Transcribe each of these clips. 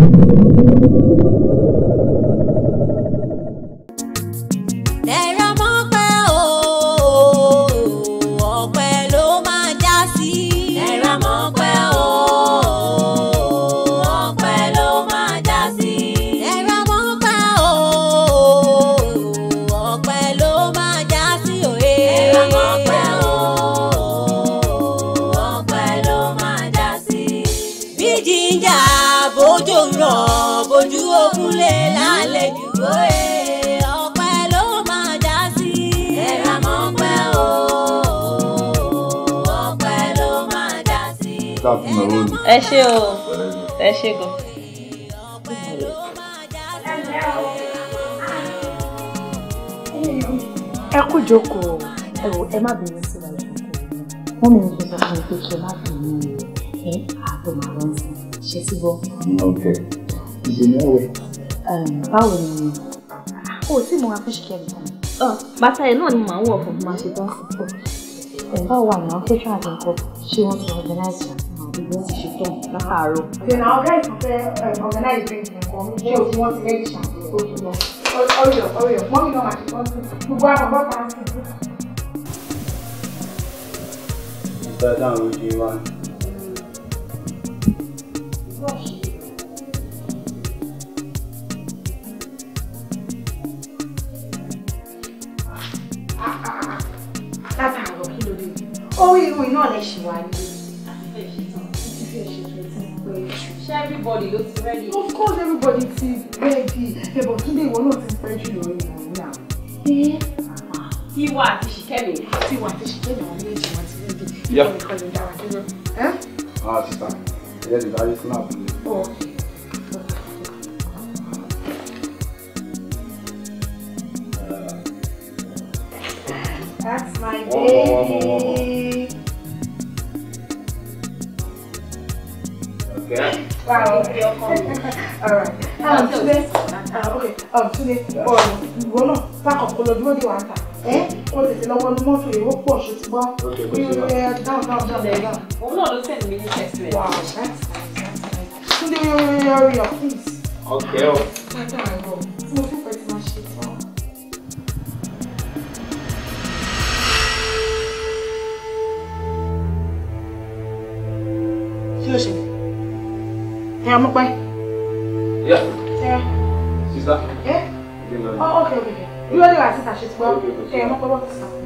you ẹ ṣé o ẹ ṣé gan. ẹ kú jókòó ẹ wò ẹ má bínú sí wa ìjókòó wọn mi ń gbé sọ fún mi pé kí ẹ má bínú ẹ àbò màrún ṣe sí bọ. báwo ni o tí mo máa fi ṣe kẹrin kan. bàtà ẹ̀ náà ni màá wọ̀ fún máa ṣe tán. báwo wà ní àwọn fẹ́ṣọ̀ àti ṣé wọ́n ti organize ìgbín ti ṣetán látàárọ̀. ìdènà ọ̀gá ìfọ̀fẹ́ organize drink nǹkan mi ṣé o ti wọ́n ti lẹ́yìn ṣàkóso tó ti lọ ọ̀rẹ́ọ̀ ọ̀rẹ́ọ̀ mọ́mí náà máa ṣe tán sí gbogbo àwọn bá pa á sí. ìgbàdàn àwọn ojú wa. Ah, ah, ah, látàárọ̀ kí ló dé orí irun iná lẹ ṣì wá ní. everybody ló ti ready. of course everybody ti ready Yeah. túnde ìwọ náà ti fẹ́ jù lọ ìwọ náà. tiwa àti ṣìkẹ́mi tiwa àti ṣìkẹ́mi àwọn méjì wọn ti ready. ìyá ah sista ẹ̀yẹ́ ti dárí snap mi. That's my baby. Okay. Wow. Okay. All right. Um, um today. Uh, okay. Um, today. Um, ìwọ náà pack up kọlọ dúró de wa ta. Ẹ kó tètè lọ́wọ́ ní mọ́tò yìí ó pọ̀ ṣe ti gbọ́. Bí o yẹ dáhùn dáhùn dáhùn dáhùn. Òun náà ló send me ní text rẹ̀. Wow, that's nice. Tunde yóò yọ yọ please. Okay. o. Ṣáájú àárọ̀ tí mo fi pẹ̀lú máa ṣe tán. Yeah, I'm okay. Yeah. Yeah. Sister. Yeah. Oh, okay, okay. okay. You already got sister. She's well. Okay, okay. Yeah, I'm okay. Sister.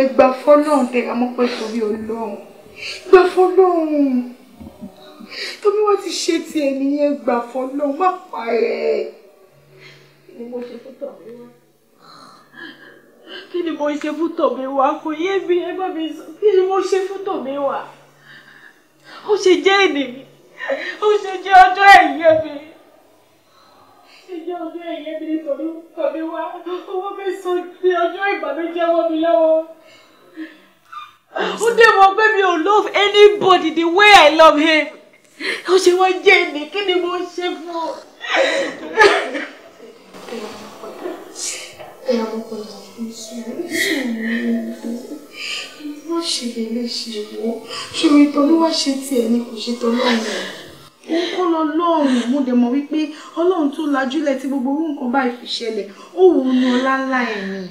dẹ̀ gbà fọ́lọ́hún tẹ̀ra mọ́ pé torí ọlọ́run gbà fọ́lọ́hún tómi wọ́n ti ṣe tiẹ̀ nìyẹn gbà fọ́lọ́hún má pa ẹ̀. kí ni mo ṣe fún tọ̀bí wá kí ni mo ṣe fún tọ̀bí wá kò yé mi ẹ bá mi sọ kí ni mo ṣe fún tọ̀bí wá ó ṣe jẹ́ ènìyàn ó ṣe jẹ́ ọjọ́ ẹ̀yẹ mi ṣèjẹ́ ọjọ́ ẹ̀yẹ mi nítorí tọ̀bí wá owó mi sọ ní ọjọ́ ìbànújẹ́ wọ́n mi lọ́wọ́ ó dé mọ̀ pé love anybody the way I love him ó ṣe wọ́n jẹ́ ẹni kí ni mo ṣe fún ọ. ẹ̀rọ ọpọlọ mi sọ̀rọ̀ ìṣòro wọ́n ṣe lè lè ṣe wọ́ ṣòro ìtọ́lúwà ṣe tiẹ̀ ni kò ṣe tọ́lọ́run ó kọ́ lọ lọ́rùn mo dẹ̀ mọ̀ wípé ọlọ́run tó lajúlẹ̀ tí gbogbo orú nǹkan báyìí fi ṣẹlẹ̀ ó wù ú ní ọlá ńlá ẹ̀yìn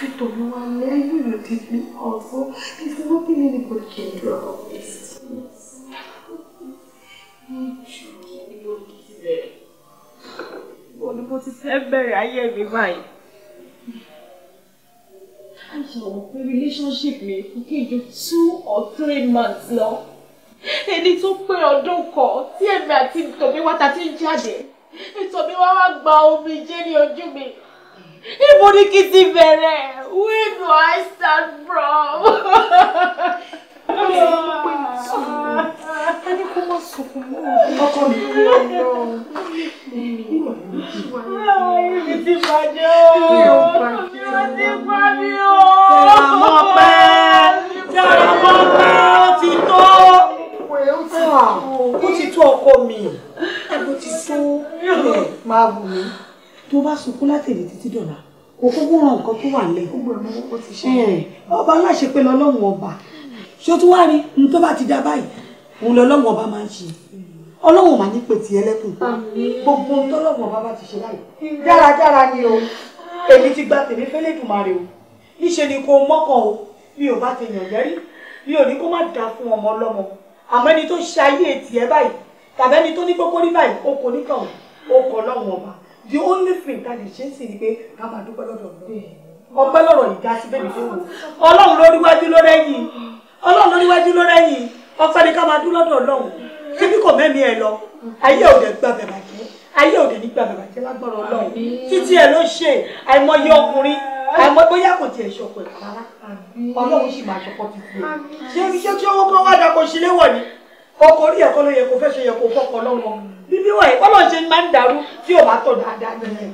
I don't want to. I know you did me awful. There's nothing anybody can do about this. Yes. Bọ́n ni mo ti fẹ́ bẹ̀rẹ̀ ayé mi báyìí. I ṣàwọn pé relationship mi kò kí two or three months lọ. Ẹni tó pé ọdún kan tí èmi àti Tòmíwá ta ti ń jáde. Tòmíwá wá gba omi jẹ́ ní ojú mi. Ibo ni kí ti Where do I start from? Ẹni kó má sunkún mọ́. Ọkọ mi ló ń lọ. Ibi ti bàjẹ́ o. Ibi ti pa mí o. Tẹ̀lá mọ́ pẹ́. Tẹ̀lá mọ́ pẹ́ ó ti tó. Ó ti tó ọkọ mi. Ó ti tó. Máa wù mí tó bá sunkún látẹ̀lé títí dọ̀la kò kúkú ràn nǹkan tó wà lẹ̀. gbogbo ẹ̀ mọ́ ó ti ṣe. ọba aláṣẹ pé lọ́lọ́run ọba ṣé o tún wá rí n tó bá ti dá báyìí òun lọ́lọ́run ọba máa ń ṣe ọlọ́run mà ní pètì ẹlẹ́kùn gbogbo ohun tọ́lọ́run ọba bá ti ṣe láyìí dáradára ni o èmi ti gba tèmi fẹ́lẹ́ dùmarè o níṣe ni kò mọ́kàn o mi ò bá ti yàn yẹ́rí mi ò ní kó má dáa fún ọmọ ọlọ́mọ àmọ́ ẹni tó ṣe ayé ètì ẹ báyìí tàbí ẹni tó ní kókó rí báyìí o kò ní kàn o kò lọ́run ọba the only thing ká lè ṣe é sì ni pé ká máa dúpẹ́ lọ́dọ̀ ọ̀dọ́ ọpẹ́ lọ́rọ̀ ìdá sí bẹ́ẹ̀ nìṣó ọlọ́run lórí wájú ló rẹ́yìn ọlọ́run lórí wájú ló rẹ́yìn ọpẹ́ ni ká máa dú lọ́dọ̀ ọlọ́run ṣé bí kò mẹ́mí ẹ lọ ayé òde gbàgbẹ́ bàjẹ́ ayé òde ní gbàgbẹ́ bàjẹ́ lágbára ọlọ́run títí ẹ ló ṣe àìmọye ọkùnrin àmọ́ bóyá kò tiẹ̀ ṣọ̀pọ̀ rárá ọlọ́run sì máa ṣọ̀pọ̀ títí ẹ ṣé iṣẹ́ tí owó kan wá dà kó ṣe léwọ̀ ni ọkọ̀ orí ẹ̀kọ́ ló yẹ kó fẹ́ ṣe yẹ kó fọ́kọ̀ lọ́wọ́ bíbí wọ̀nyí kọ́lọ́ ṣe máa ń dàrú tí ò bá tọ̀ dáadáa ní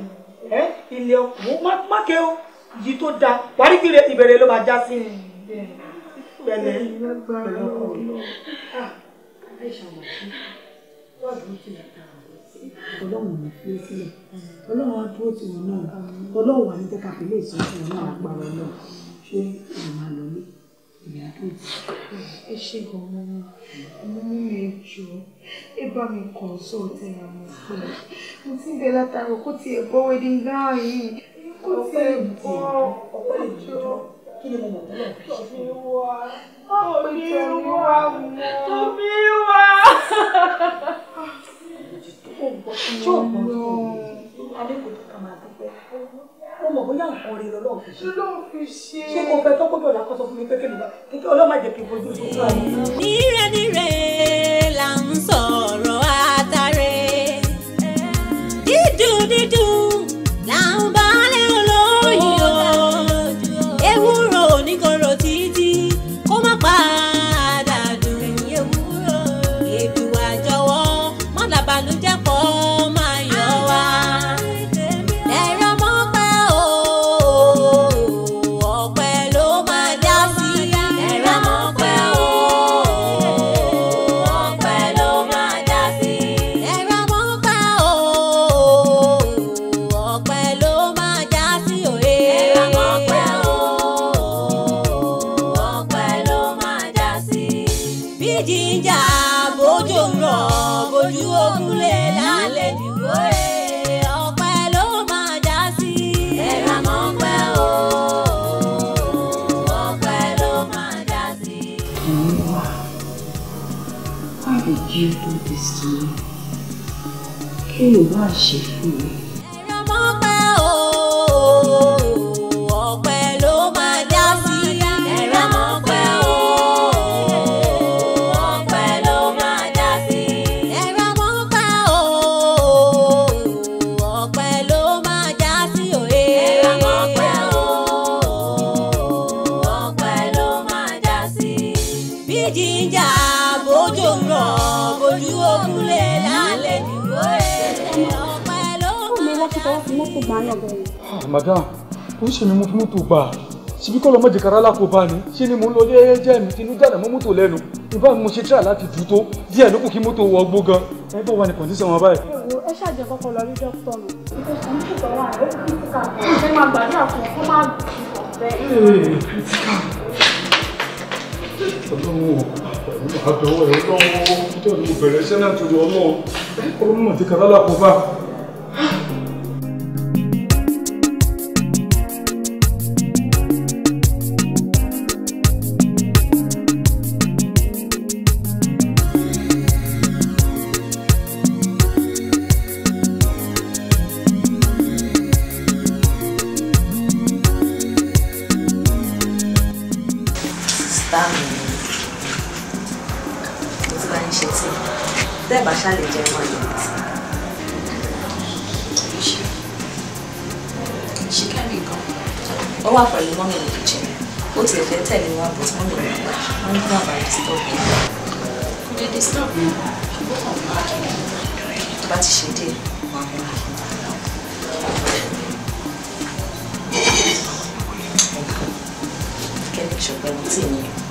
ẹ ilé ọkùnrin mákè ó yí tó da wárí kiri ìbẹ̀rẹ̀ ló máa já sí ni. bẹ́ẹ̀ ọlọ́run ní fi sílẹ̀ ọlọ́run á dúró tiwọn náà ọlọ́run wà ní tẹ́ka fi lè sọ tiwọn náà agbára ọlọ́run ṣé ìrìn àlọ́lé ẹ ṣe gan mo mú mi jù ọ́ ẹ bá mi kàn sọ ọtí ra mo pẹ́ mo ti ń bẹ látàrọ kó tiẹ̀ bọ́ wedding gown yìí kó tiẹ̀ bọ́ ọjọ́ tọ́bí wá tọ́bí wá tọ́bí wá. ṣé bóyá nǹkan rere lọ́wọ́ fi ṣe. lọ́wọ́ fi ṣe. ṣé kò fẹ́ tọ́kọ́jọ́ làkọ́sọ fún mi pé kékeré ọlọ́màjẹ̀ kí n fojú tó wà. madam ó ṣe mi mú fún mọ́tò gbà ṣíbí kọ́ lọ mọ́jì kára lápò bá ní ṣé ni mo lọ lé ẹjẹ́ mi tinú dànù mọ́ mọ́tò lẹ́nu ìbá mi mo ṣe tíra láti dùn tó díẹ̀ ló kù kí mọ́tò wọ gbó gan ẹ bó wà ní kọ̀ǹdíṣàn wọn báyìí. ẹ wo ẹ ṣàjẹ kọ́kọ́ lọ rí dókítà mi ìfẹsẹ̀ ń ṣùgbọ́n wà ó kí kíkà ẹ máa gbàdúrà fún kó má bẹ̀rẹ̀ bá mi mo ti bá yín ṣe tí bẹ́ẹ̀ bá ṣàlè jẹ́ mọ́ ẹ̀yìn tí. ṣe kẹ́mi gan ó wà pẹ̀lú mọ́mí ní kìchìn ó ti fẹ́ tẹ̀lé wa bó ti mọ́mí rẹ̀ wá wọ́n ní bàbá rẹ̀ disturb mi. kò lè disturb mi ṣùgbọ́n kàn máa kí ni. tó bá ti ṣe díẹ̀ máa mú mi. connection pẹ̀lú tí ènìyàn.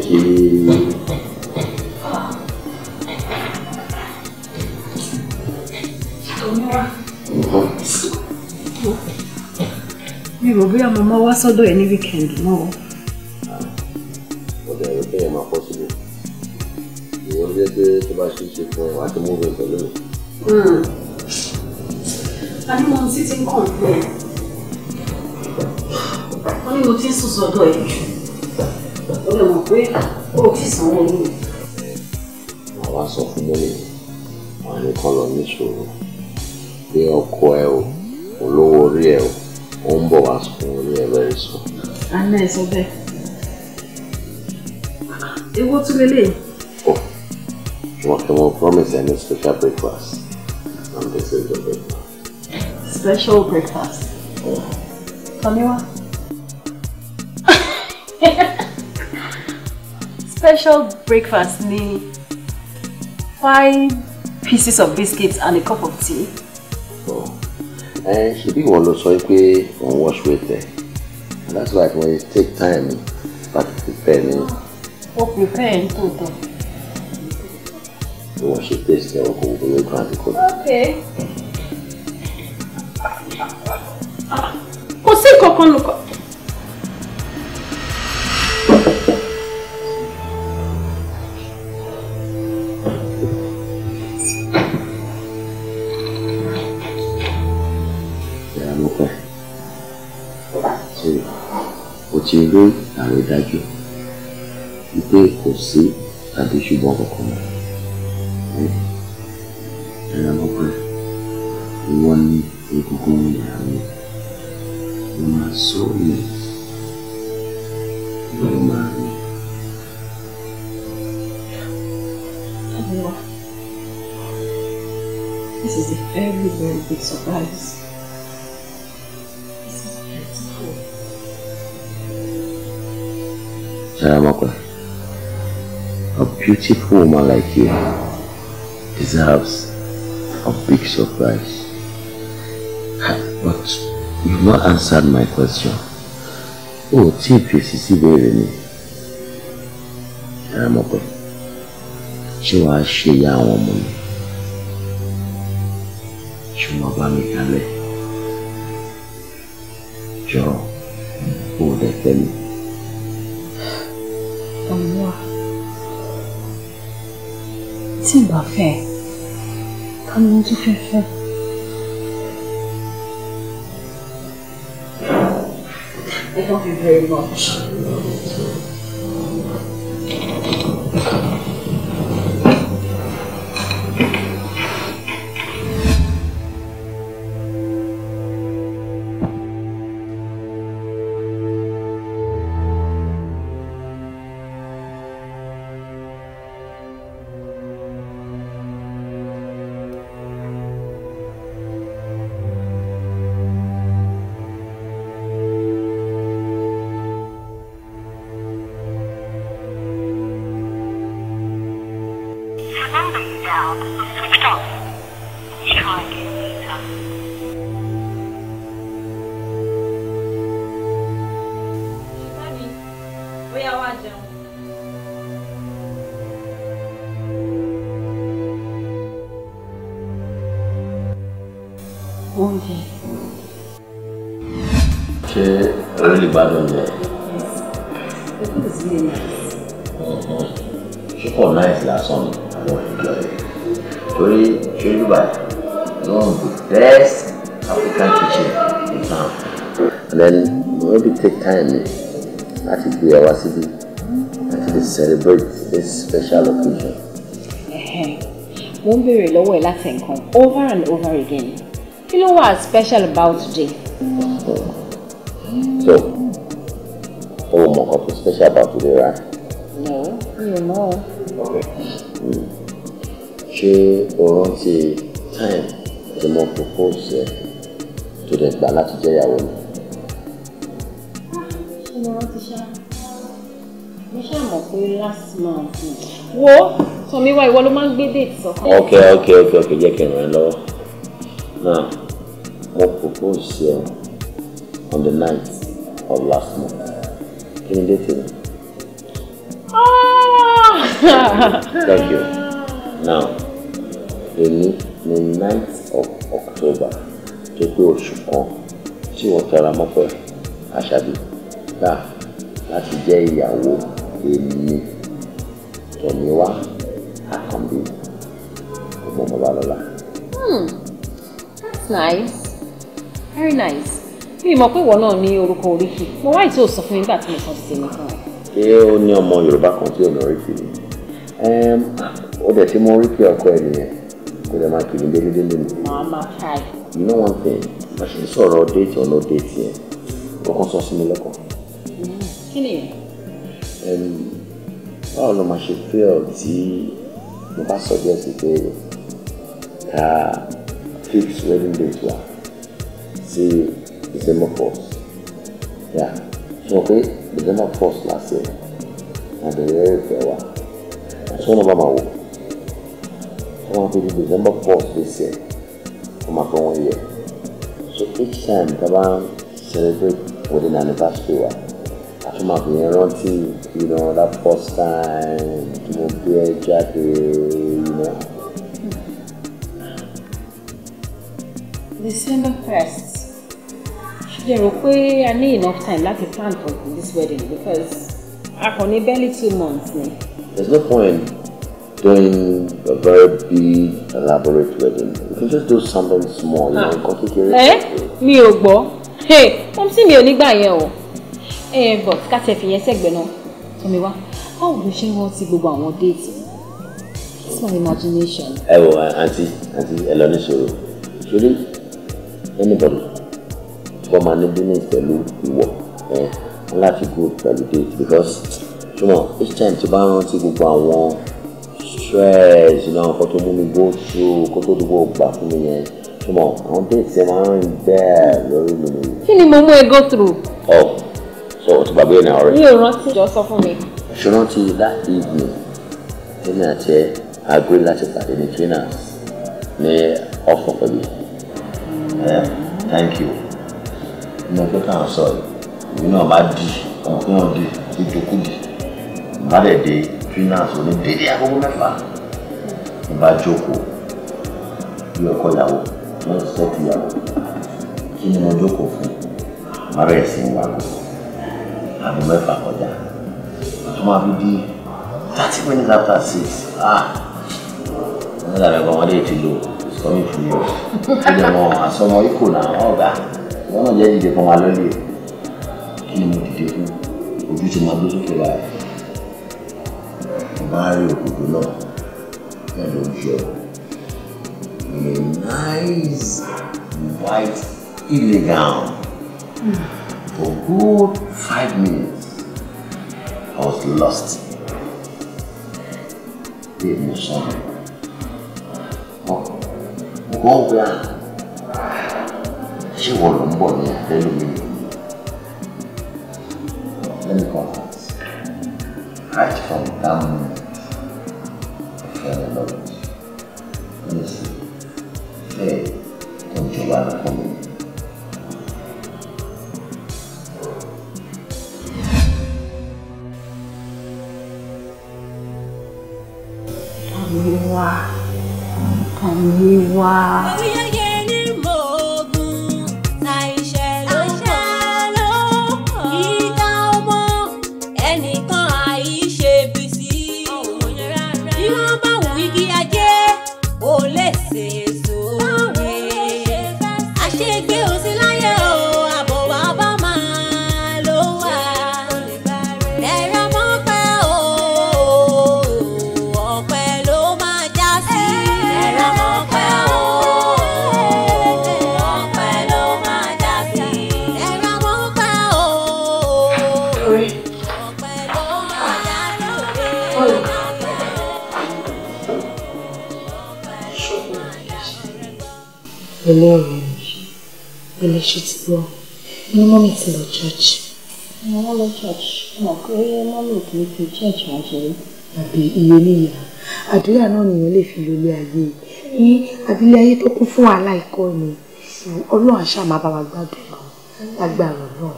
qui mi rò bóyá mo máa wá weekend náà o. ọ̀dà ẹ̀rọ kẹ́yìn máa pọ̀ sílẹ̀ ìwọ jẹ́ pé tó bá ṣe é ṣe fún wa ti mú bẹ̀ pẹ̀lú mi. Hmm. adúmọ̀ ti ti ń kàn fún màá wá sọ fún mọ́mí màá ní kán lọ níṣòro pé ọkọ ẹ o olówó orí ẹ o ó ń bọ̀ wá sùn orí ẹ bẹ́ẹ̀ sùn. a ná ẹ sọ bẹ́ẹ̀ ewo tún lélẹ̀. ọ wọn kì í mọ promise any special breakfast and this is the breakfast. special breakfast. Yeah. Tamiwa. special breakfast ni five pieces of biscuits and a cup of tea. Oh, she ṣebí want to sọ pé on wash with ẹ and that's why when you take time láti prepare ni. o prepare n tó tán. bí wọ́n taste the wọ́n kò wọ́n yóò gbọ́n okay. children and we dájú kò sí tàbí ṣùgbọ́n kankan mọ́ ẹ̀rọ ọgbọ́n ìwọ ni egungun ìyá mi mo máa sọ mi mo máa mi. This is a very, very big surprise. Taramaka, a beautiful woman like you deserves a big surprise. But you've not answered my question. Oh, tí ìfèsìsí béèrè me? I am wàá ṣe ìyá She ọmọ woman. Ṣé wàá bá mi kalẹ̀? Jọ̀ọ́, ó fẹ́ ta ni mo tún fẹ́ fẹ́. I to celebrate this special occasion. mo ń béèrè lọ́wọ́ ẹ̀ láti nǹkan over and over again You know what's special about today. so o mọ nǹkan tó special about today right. no you know. Okay. She ṣé o time tí mo propose to the dẹ̀ gbà ṣàmọ̀ pé last month wo tọ́míwá ìwọ ló máa ń gbé date sọ́kàn. ok ok ok ok jẹ́ kí n ràn ẹ́ lọ́wọ́ now mo propose ṣe um, on the night of last month kí ni date mi. Ah! thank you now èmi the ninth of October tó pé oṣù kan tí wọ́n tẹra mọ́ pẹ́ àṣàbí gbà láti jẹ́ ìyàwó èmi Tọ́míwá Àkànbí Ọmọmọlálọ́lá. Hmm, that's nice very nice mi mọ̀ pé ìwọ náà ní orúkọ oríkì mo wá ìtí ò sọ fún mi nígbà tí mo kàn sí nìkan. ṣé ó ní ọmọ Yorùbá kan tí ò ní oríkì ni ó dẹ̀ ti mọ oríkì ọkọ ẹ nìyẹn kò dẹ̀ máa kiri délédélé ni. màá máa ká ẹ. you know one thing màṣẹ sọ̀rọ̀ déètì ọ̀nà déètì yẹn kọ́kọ́ sọ sí mi lọ́kàn. kí ni yẹn báwo ló máa ṣe fẹ́ ọ tí mo bá sọ díẹ̀ sí pé ká fix wedding date wa sí December first yà sọ pé December first last year àbẹ̀rẹ̀ ìfẹ́ wa àti wọn náà bá máa wò wọn máa fi December first this year wọn máa fọ wọn yẹ so each time tá bá celebrate wedding anniversary wa. Well, ó máa fi yẹn you know that first time tí mo gbé ẹ you know. December first ṣe rò pé I need enough time láti plan for this wedding because a kò barely two months ni. There's no point doing a very big elaborate wedding you can just do something small you know ah. nǹkan kékeré. ẹ eh? mi ò gbọ́ mọ́mísí mi ò ní gbà yẹn o ẹ eh, bọ̀ ká tiẹ̀ fìyẹn sẹ́gbẹ̀ náà tómi wá báwo ló ṣe ń rántí gbogbo àwọn déètì it's my imagination. ẹ wo àǹtí àǹtí ẹ lọ níṣòro ṣorí anybody kọ́ máa ní business pẹ̀lú ìwọ ẹ láti go pẹ̀lú date because ṣùgbọ́n each time tí o bá rántí gbogbo àwọn stress you know nǹkan tó mú mi go through kó tó dúró gbà fún mi yẹn ṣùgbọ́n àwọn déètì ẹ máa ń bẹ́ẹ̀ lórí mi. kí ni mo mú ẹ go through. ọ o ti gbàgbé náà ọ̀rẹ́. mi ò rántí ìjọ sọ fún mi. ṣùgbọ́n ti that evening èmi àti ẹ agree láti pàdé ní trainers ní ọkọ̀ pẹ̀lú. thank you inú ọgbẹ́ kan sọ ìwé náà má di ọ̀hún kí di ìdókòdì má dẹ̀ dé trainers òní dédé agogo mẹ́fà ìbá jókòó bí ọkọ ìyàwó lọ́sẹ̀ tó yàwó kí ni mo jókòó fún má bẹ̀rẹ̀ sí í wá aago mẹ́fà kọjá tó máa fi di thirty minutes after six ah ní ìlànà ẹ̀gbọ́n wọn lè ti lò sọmi fún mi o tó lè mọ àsọmọ ikò náà wọn ọ̀gá wọn náà jẹ́ dìde fún wa lọ́lẹ̀ kí ni mo dìde fún ojú ti máa gbé sókè láàyè mo máa rí òkòtò náà pẹ̀lú ojú ọ̀ a nice white elegant. Mm. For good five minutes, I was lost. The emotion. Oh, go oh, where? She was on board me, tell me. Let me confess. Right from that moment, I fell in love with you. Let me see. Hey, don't you want to come? 你啊。pẹ̀lú ọ̀rọ̀ mi pẹ̀lú ṣe ti gbọ́ mo ní mọ́mì ti lọ ṣọ́ọ̀ṣì. wọ́n lọ ṣọ́ọ̀ṣì mọ̀ pé mọ́mì kì í fi ṣọ́ọ̀ṣì ránṣẹ́ rí. àbí iye níyà àdúrà náà nìyẹn lè fi lólé ayé ní abilé ayé tó kún fún wàhálà ikọ́ ni ọlọ́run àṣà máa bá wa gbàdúrà lágbára náà.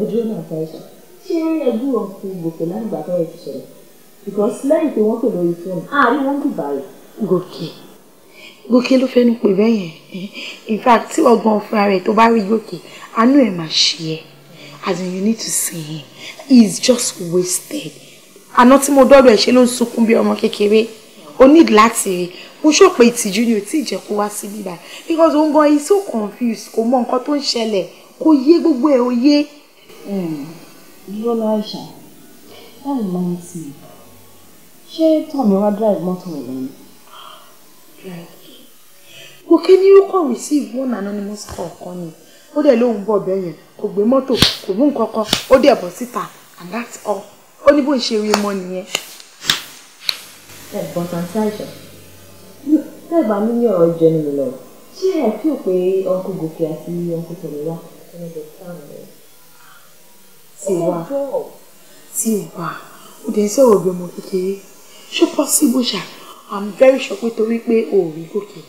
ojú náà fẹ́ sọ ṣé ẹgbẹ́ wọn fi gòkè láǹgbà tó yẹ ti ṣẹlẹ̀ because lẹ́yìn tí wọ́n pè lórí fóònù àárín wọn dùbà gòkè ló fẹ́nu pè bẹ́ẹ̀ yẹn eh, in fact tí ọgbọ́n fúnra rẹ̀ tó bá rí gòkè àánú ẹ̀ máa ṣe ẹ́ as in you need to see him he is just wasted àná tí mo dọ́dọ̀ ẹ̀ ṣe ló ń sunkún bí ọmọ kékeré o need láti rí mo ṣọ̀pẹ̀ ìtìjú ni ò tí ì jẹ́ kó wá sí bíbá because òun gan he so confused kò mọ nǹkan tó ń ṣẹlẹ̀ kò yé gbogbo ẹ̀ ò yé. lọ́lá àìsàn báwo máa ń tì í ṣé tọ́mi wá drive mọ́tò rẹ̀ lẹ́yìn kò kí ni ó kàn receive one anonymous call kan ni ó dẹ̀ lóun bọ̀ bẹ́ẹ̀ yẹn kò gbé mọ́tò kò mú nǹkan kan ó dẹ̀ bọ̀ síta and that's all ó ní bó ṣe rí mọ́ nìyẹn. ẹ̀gbọ́n tàǹtí àìsàn tẹ́ ẹ bá mi ní ọ̀rọ̀ jẹ nínú lọ ṣé ẹ fi ò pé ọkọ gòkè àti ọkọ tẹ̀lé wá tiwa tiwa ó dẹ̀ sọ̀rọ̀ bí kékeré ṣó possible ṣá i'm very sure pé torí pé òòrí gòkè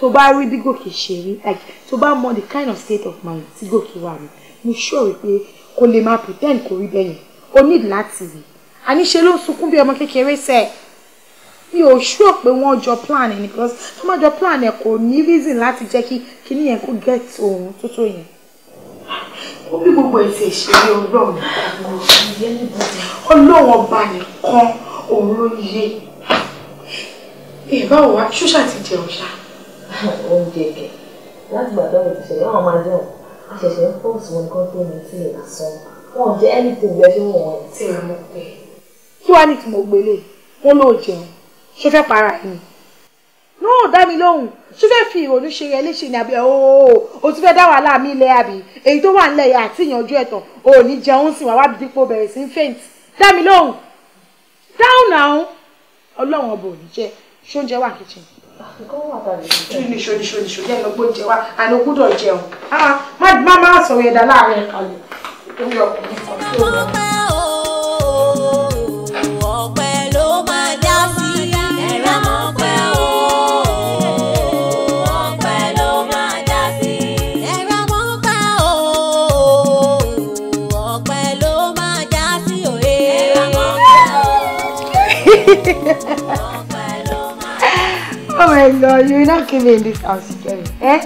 tó bá rí bí gòkè ṣe rí like tó bá mọ the kind of state of mind tí gòkè wà ní mo sure wípé kò lè máa pretend kò rí bẹ́yẹn o need láti rí àníṣe ló ń sunkún bí ọmọ kékeré sẹ́ẹ̀ mi ò sure pé wọ́n jọ plan ni because tó má jọ plan ẹ̀ kò ní reason láti jẹ́ kí kíní yẹn kó get ohun tó tó yẹn. ó bí gbogbo ètò ìṣeré ọlọ́run ọlọ́run ọba nìkan òun ló yé ẹ̀ báwo wá ṣúṣà ti jẹun ṣáà. oúnjẹ kẹ láti gbàdọ́ mi ti ṣẹlẹ̀ àwọn máa jẹun a ṣẹ̀ṣẹ̀ ń pọ̀ sí wọn kan tó ní tí lásán wọn ò jẹ anything bẹ́ẹ̀ ṣé wọn tí ì mú pé. kí wàá ní tí mo gbélé wọn lóò jẹun ṣé fẹ́ para ẹ̀ ni. náà dá mi lóhùn ṣé fẹ́ fi ìrònú ṣe rẹ léṣe ni àbí ooo o ti fẹ́ dá wàhálà mi lẹ́ àbí èyí tó wà ńlẹ̀ yà àti ìyànjú ẹ̀tàn o ò ní jẹun sì wá wá dípò bẹ̀rẹ̀ sí faint dá mi lóhùn dáhùn náà ọlọ́run ọba ò ní jẹ́ ṣóúnjẹ wà kitchen kí ni ṣo ni ṣo ni ṣo jẹ́ lọ́gbó jẹ wá àní o gbúdọ̀ jẹun ah, má má sọ̀rọ̀ ẹ̀dá láàrin ẹ̀ka lè. ó yọ ọkùnrin my God, you will not kill me in this house, Jerry. Eh?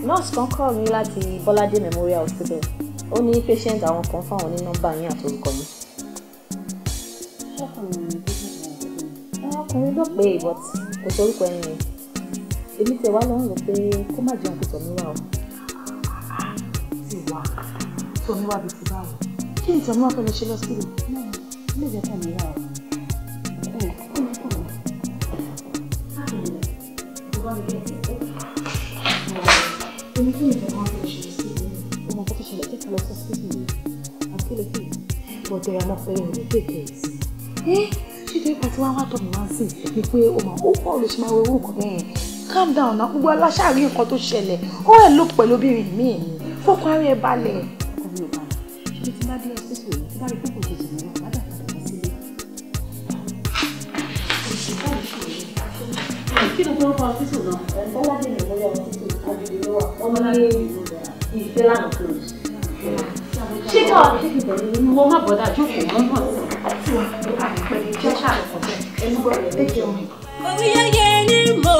nurse kan call mi láti Bọ́ládé Memorial Hospital. Ó ní patient àwọn kan fáwọn ní nọ́mbà yín àtorúkọ mi. Ọkùnrin ló pé but kò sorúkọ ẹni yẹn. Èmi tẹ̀ wá lọ́rùn pé You má jẹun kò tọ̀ mí wá o. Ti wá, tọ̀ me wá bíi ti báwo. Kí ni tọ̀ mí wá fẹ́ lọ ṣe lọ́sílẹ̀? tẹ ẹ lọ́fẹ̀ẹ́ yẹn ní kékeré i. ẹ ṣé ìdí ìgbà tí wọ́n wá tọ̀ wá sí ni pé o máa ó pọ̀ ló ṣe owó kan bẹ́ẹ̀ calm down na gbogbo aláṣàárí nǹkan tó ṣẹlẹ̀ ó ẹ̀ ló pẹ̀lú obìnrin míì ni fọkàn ara ẹ balẹ̀. ọmọ yorùbá ṣe ti bá fún mi wo má bọ̀dá jókòó mọ́ mọ́ sí i. omi yẹyẹ ni mo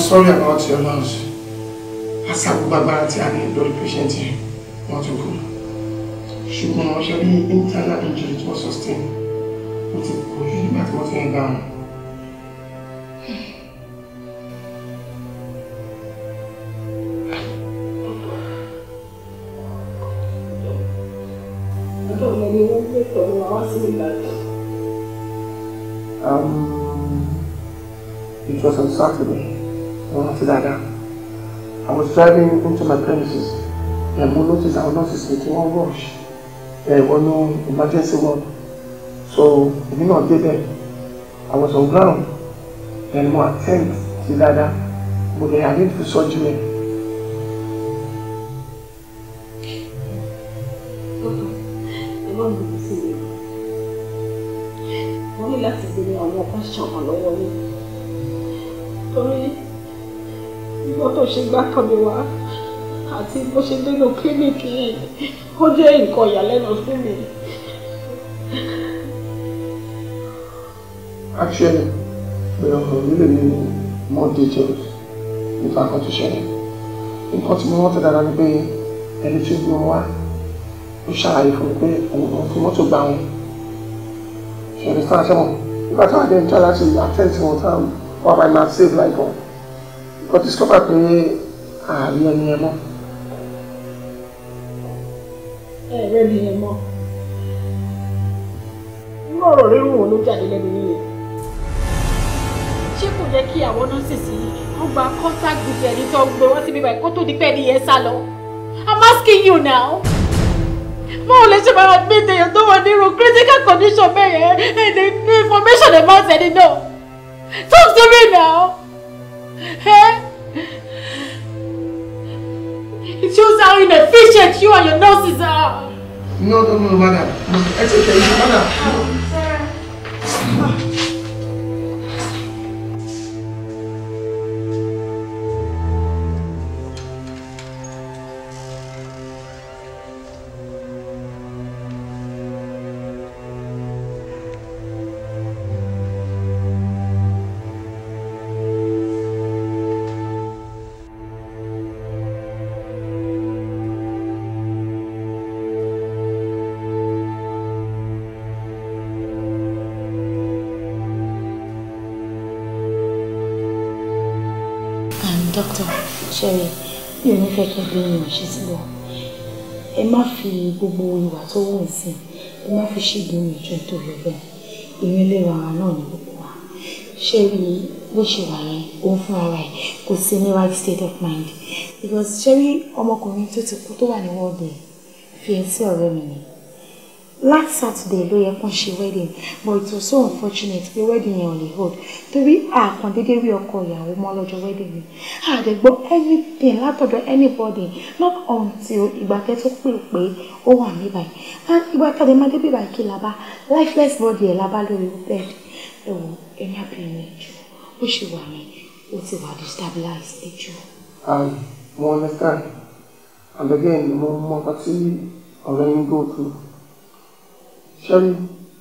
sorry about your loss. Aṣàkó gbàgbára tí a ní lórí patient yìí, wọ́n ti kú. Ṣùgbọ́n wọ́n ṣe ní internal injury tí wọ́n sustain. Ó ti kú nígbà tí wọ́n ti ń gbà wọn. Um, it was on Saturday mo rántí dáadáa I was driving into my premises ẹ̀ mo notice àwọn nurses mi tí wọ́n rush ẹ̀ no emergency ward so the minute I did that, I was on ground ẹ̀ mo attend sí dáadáa mo dey arrange for surgery. Ṣọlátọ́mi wá àti bó ṣe dénú kílíìkì yìí ó jẹ́ nǹkan ìyàlẹ́nu fún mi. actually pẹ̀lú ọ̀rọ̀ nílò ní more details nípa nǹkan tó ṣẹlẹ̀ nǹkan tí mo rántí dára ni pé ẹni tí ó gbé wọn wá ó ṣàlàyé fún mi pé òun fi mọ́tò gbà wọn ṣe ọ̀rẹ́ sáà ṣẹ́wọ̀n nígbà tí wọ́n á dé ìjọ láti attend to wọn táwọn wà by my save life on ó discover pé àárín ẹni ẹ mọ́. ẹ̀rẹ́ ni ẹ mọ́ irú ọ̀rọ̀ rírùn wo ló jáde lẹ́nu yìí ṣé kò jẹ́ kí àwọn nọ́ọ̀sìsì wọ́n gba contact with ẹni tó ń gbé wọ́n síbi báyìí kó tó di pé ẹni yẹn sá lọ I'm asking you now mo ò lè ṣe máa admit èèyàn tó wọ nírú critical condition bẹ́ẹ̀ yẹn and the information about ẹni náà talk to me now. It shows how inefficient you and your nurses are. No, no, no, madam. No, it's okay, madam. No. Oh, Sarah. ṣẹ́rẹ̀ mi ò ní fẹ́ kí n bí mi ò ṣe sí lọ ẹ má fi gbogbo ìwà tó wù sí ẹ má fi ṣègbè mi jọ nítorí ọbẹ̀ ìrìn ìlera náà ni gbogbo wa ṣẹ́rí bó ṣe wà yẹn òun fún ara ẹ̀ kò sí ní right state of mind because ṣẹ́rí ọmọkùnrin tó ti kú tó wà ní wọ́ọ̀dù yìí fi ẹ sí ọ̀rẹ́ mi nìyí last saturday ló yẹ kó ń ṣe wedding but it was so unfortunate pé wedding yẹn only lè hold torí àkàndéédé rí ọkọ ìyàwó mọ́ lọ́jọ́ wedding yẹn àdẹ̀gbọ́ anything látọ̀dọ̀ anybody not until ìgbà tẹ́ tó pè pé ó wà níbàyí and ìgbà tàdé máa débí ìbàyí kí la lifeless body ẹ̀ la bá lórí bed ẹ̀wò ẹ̀mí àbẹ̀rẹ̀ jù ó ṣì wà ní ó ti wà destabilize ẹ̀ jù. mo understand and again mo mọ nǹkan tí ọ̀rẹ́ yín go through ṣẹ́rí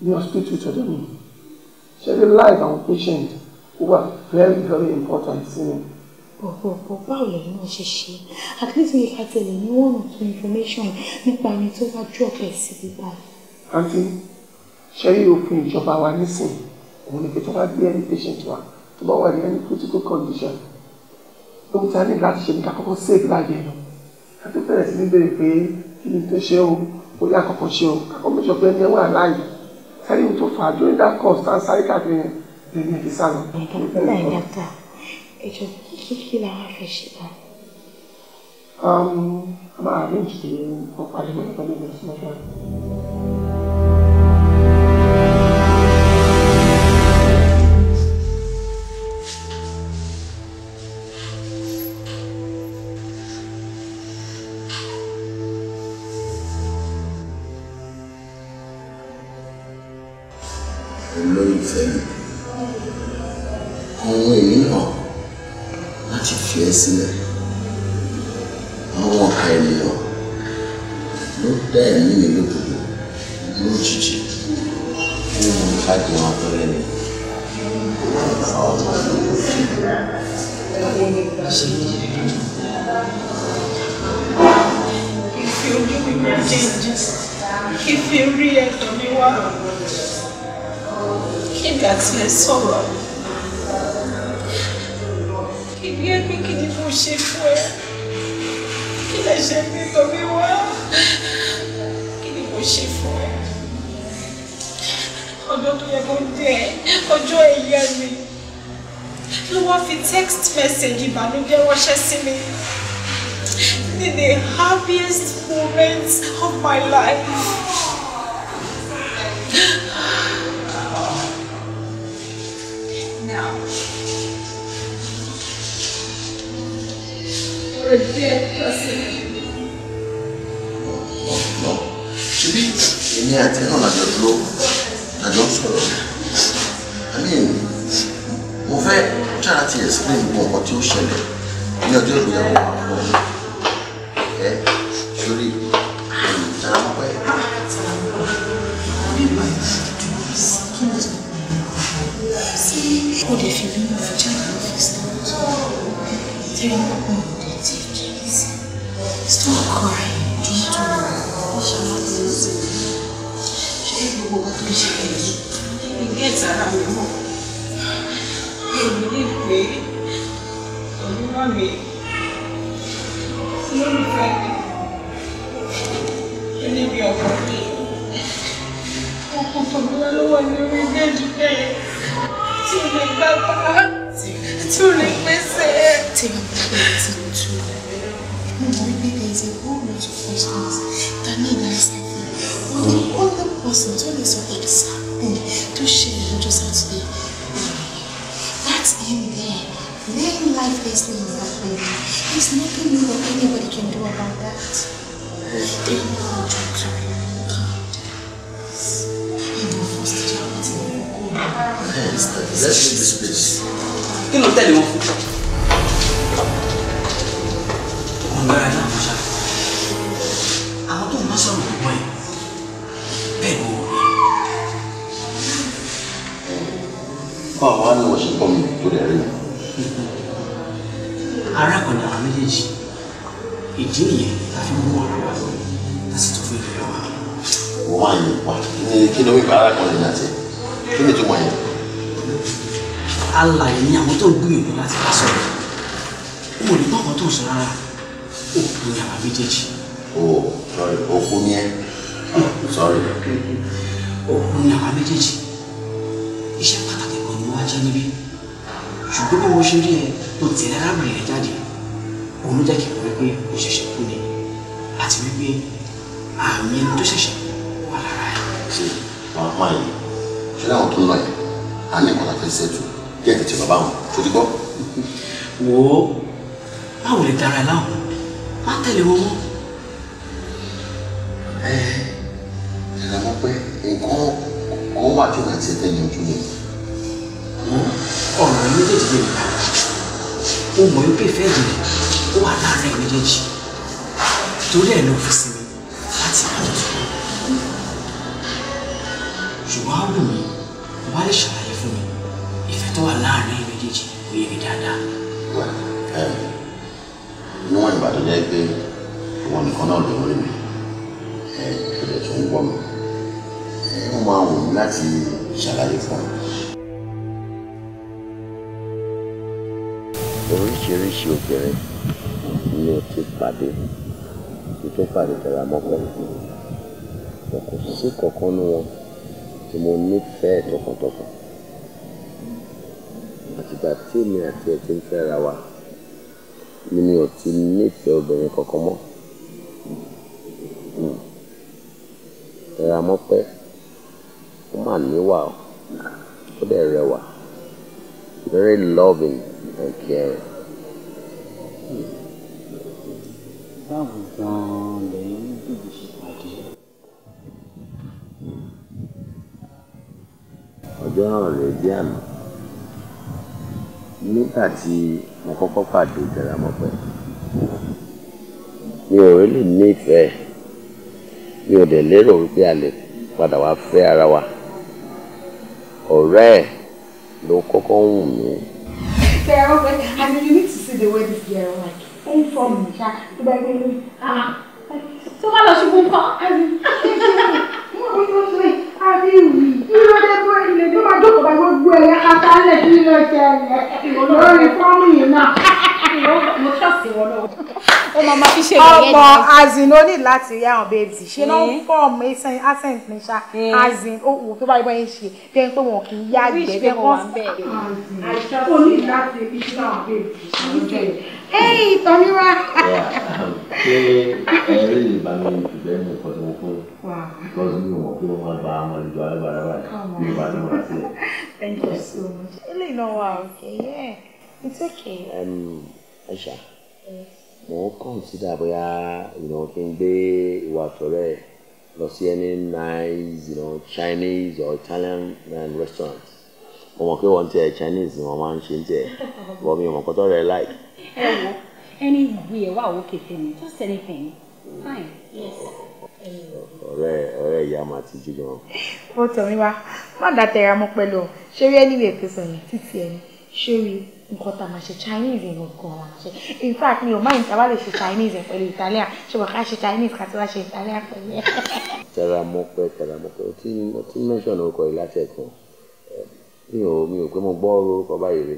ní hospital tọ̀dọ̀ mi ṣẹ́rí life àwọn patient are very very important sí mi. Bọ̀bọ̀bọ̀ báwo lẹ́yìn náà ṣe ṣe? At least ní ìka tẹ̀lé ní one or two information nípa ẹni tó wá jọ ọ̀pẹ̀ sí bíbá. Àǹtí, ṣẹ́rí òfin ìjọba wa nísìn, òun ni pé tó bá gbé ẹni patient wa tó bá wà ní any critical condition. Ohun tí a ní láti ṣe ní ká kọ́kọ́ save láàyè lọ. Àti bẹ̀rẹ̀ sí ní béèrè pé kí ni tó ṣe o? ó yá kọ́kọ́ ṣe o kọ́kọ́ mi sọ pé ẹni ẹ wà láàyè sẹ́rí mi tó fà á dúró dá kọ́ sáré sáré káàkiri yẹn lèmi ẹ̀ fi sá lọ. báyìí dọ́tà ẹjọ́ kí kí làwọn fẹ́ ṣe báyìí. Um, a máa rí ìṣòro ọ̀pá ìgbàlódé lọ́sọ̀rọ̀. bàbá tí ò lè pèsè. tí ò lè pèsè ojú rẹ̀. mo mọ̀ wípé there is a whole lot of questions that need answering. but the only person tó lè sọ exactly tó ṣẹlẹ̀ lọ́jọ́ sátidé that's in there laying life there's in way. There's nothing new that anybody can do about that. They know how to do it. Espírito. E no telmo. ìrora mọ́pẹ́ ó mà níwà ó ó dẹ̀ rẹwà very loving and caring. báwo gan-an lẹ́yìn bíbí ṣèpàdé. ọjọ́ náà bí àná nígbà tí mo kọ́kọ́ pàdé mi ò rí lè mi ò dẹ̀ lérò wípé a lè padà wá fẹ́ ara wa ọ̀rẹ́ ẹ̀ ló kọ́kọ́ ń wù mí. ṣe you need to see the way this like ó ń fọ mi ṣá tó bá gbé mi ah. tó bá lọ ṣubú nǹkan àbí mo ò tó ṣe àbí wì irú ọdẹ bó ilé tó bá jókòó bá gbogbo ẹ̀yà kata lẹ̀ kí ó máa máa fi ṣe yẹ̀yẹ́ ni. ọmọ azin ó ní láti rí àwọn bébì ṣe ló ń fọ́ọ̀mù ẹsẹ̀ accent ní ṣá eh. azin ó wò tó bá rí báyìí ṣe bí ẹni pé wọn kì í yá àgbẹ̀ bẹ́ẹ̀ kọ́ ó ní láti rí ṣe àwọn bébì ẹ̀yìn tọ́míwá. ṣé ẹ̀rí ìbámu ìbẹ́ẹ̀ ní ìkọ́sọ́ fún because mi wọ́n máa gba àwọn àlejò alágbára báyìí ní wọn sílẹ̀. thank you so eléyìí náà wà okay yeah it's okay. ẹ ṣá mò ń consider bóyá ìnáwó kí n gbé ìwà àtọ̀rẹ́ lọ sí any nice you know, Chinese or Italian um, restaurant mo mọ̀ pé wọ́n ń tẹ Chinese ni wọ́n máa ń ṣe ń tẹ wọ́n mi ò mọ̀ kọ́tọ́ rẹ̀ like. ẹ wo ẹni ìwé ẹ wà òkè fún mi just anything fine yes. ọ̀rẹ́ ọ̀rẹ́ ìyá máa ti jí gan. ó tọ̀ mí wá má dá tẹ̀ra mọ́ pẹ̀lú ṣé rí ẹni ìwé ìpèsè yẹn títí ẹni ṣé rí i nǹkan tá a máa ṣe chinese yẹn gan la ṣe in fact mi ò máa ń tá lè ṣe chinese yẹn pẹ̀lú italian ṣùgbọ́n ká ṣe chinese ká tí wàá ṣe italian pẹ̀lú ẹ̀. tẹra mọ pé tẹra mọ pé o ti o ti mẹsàn orúkọ yìí láti ẹkùn mi ò mi ò pé mo gbọ́ orúkọ báyìí rè.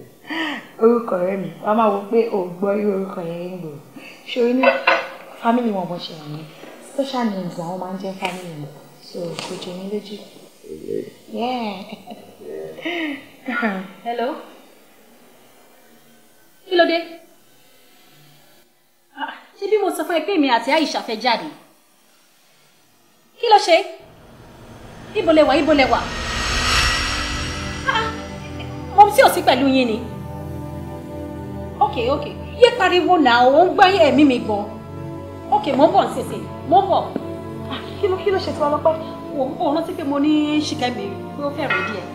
orúkọ rẹ mi wàá máa wọ pé o gbọ́ irú orúkọ yẹn ń gbòòrò ṣòro ní family wọn bó ṣe wà ní special names làwọn máa ń jẹ́ family wọn so kò jẹ mí lójú. hello kí ló dé ah, ṣé bí mo sọ fún ẹ pé èmi àti Aisha fẹ́ jáde kí ló ṣe ibo lẹ wà ibo lẹ wà ah, mo tí ò sí pẹ̀lú yín ni ok ok yé pariwo náà ò ń gbọ́ ẹ̀mí mi gan ok mo ń bọ̀ nsèsè mo ń bọ̀ ah, kí ló kí ló ṣe tí wọ́n lọ pẹ́ wò ó rántí pé mo ní ṣìkẹ́mi pé ó fẹ́ rèé díẹ̀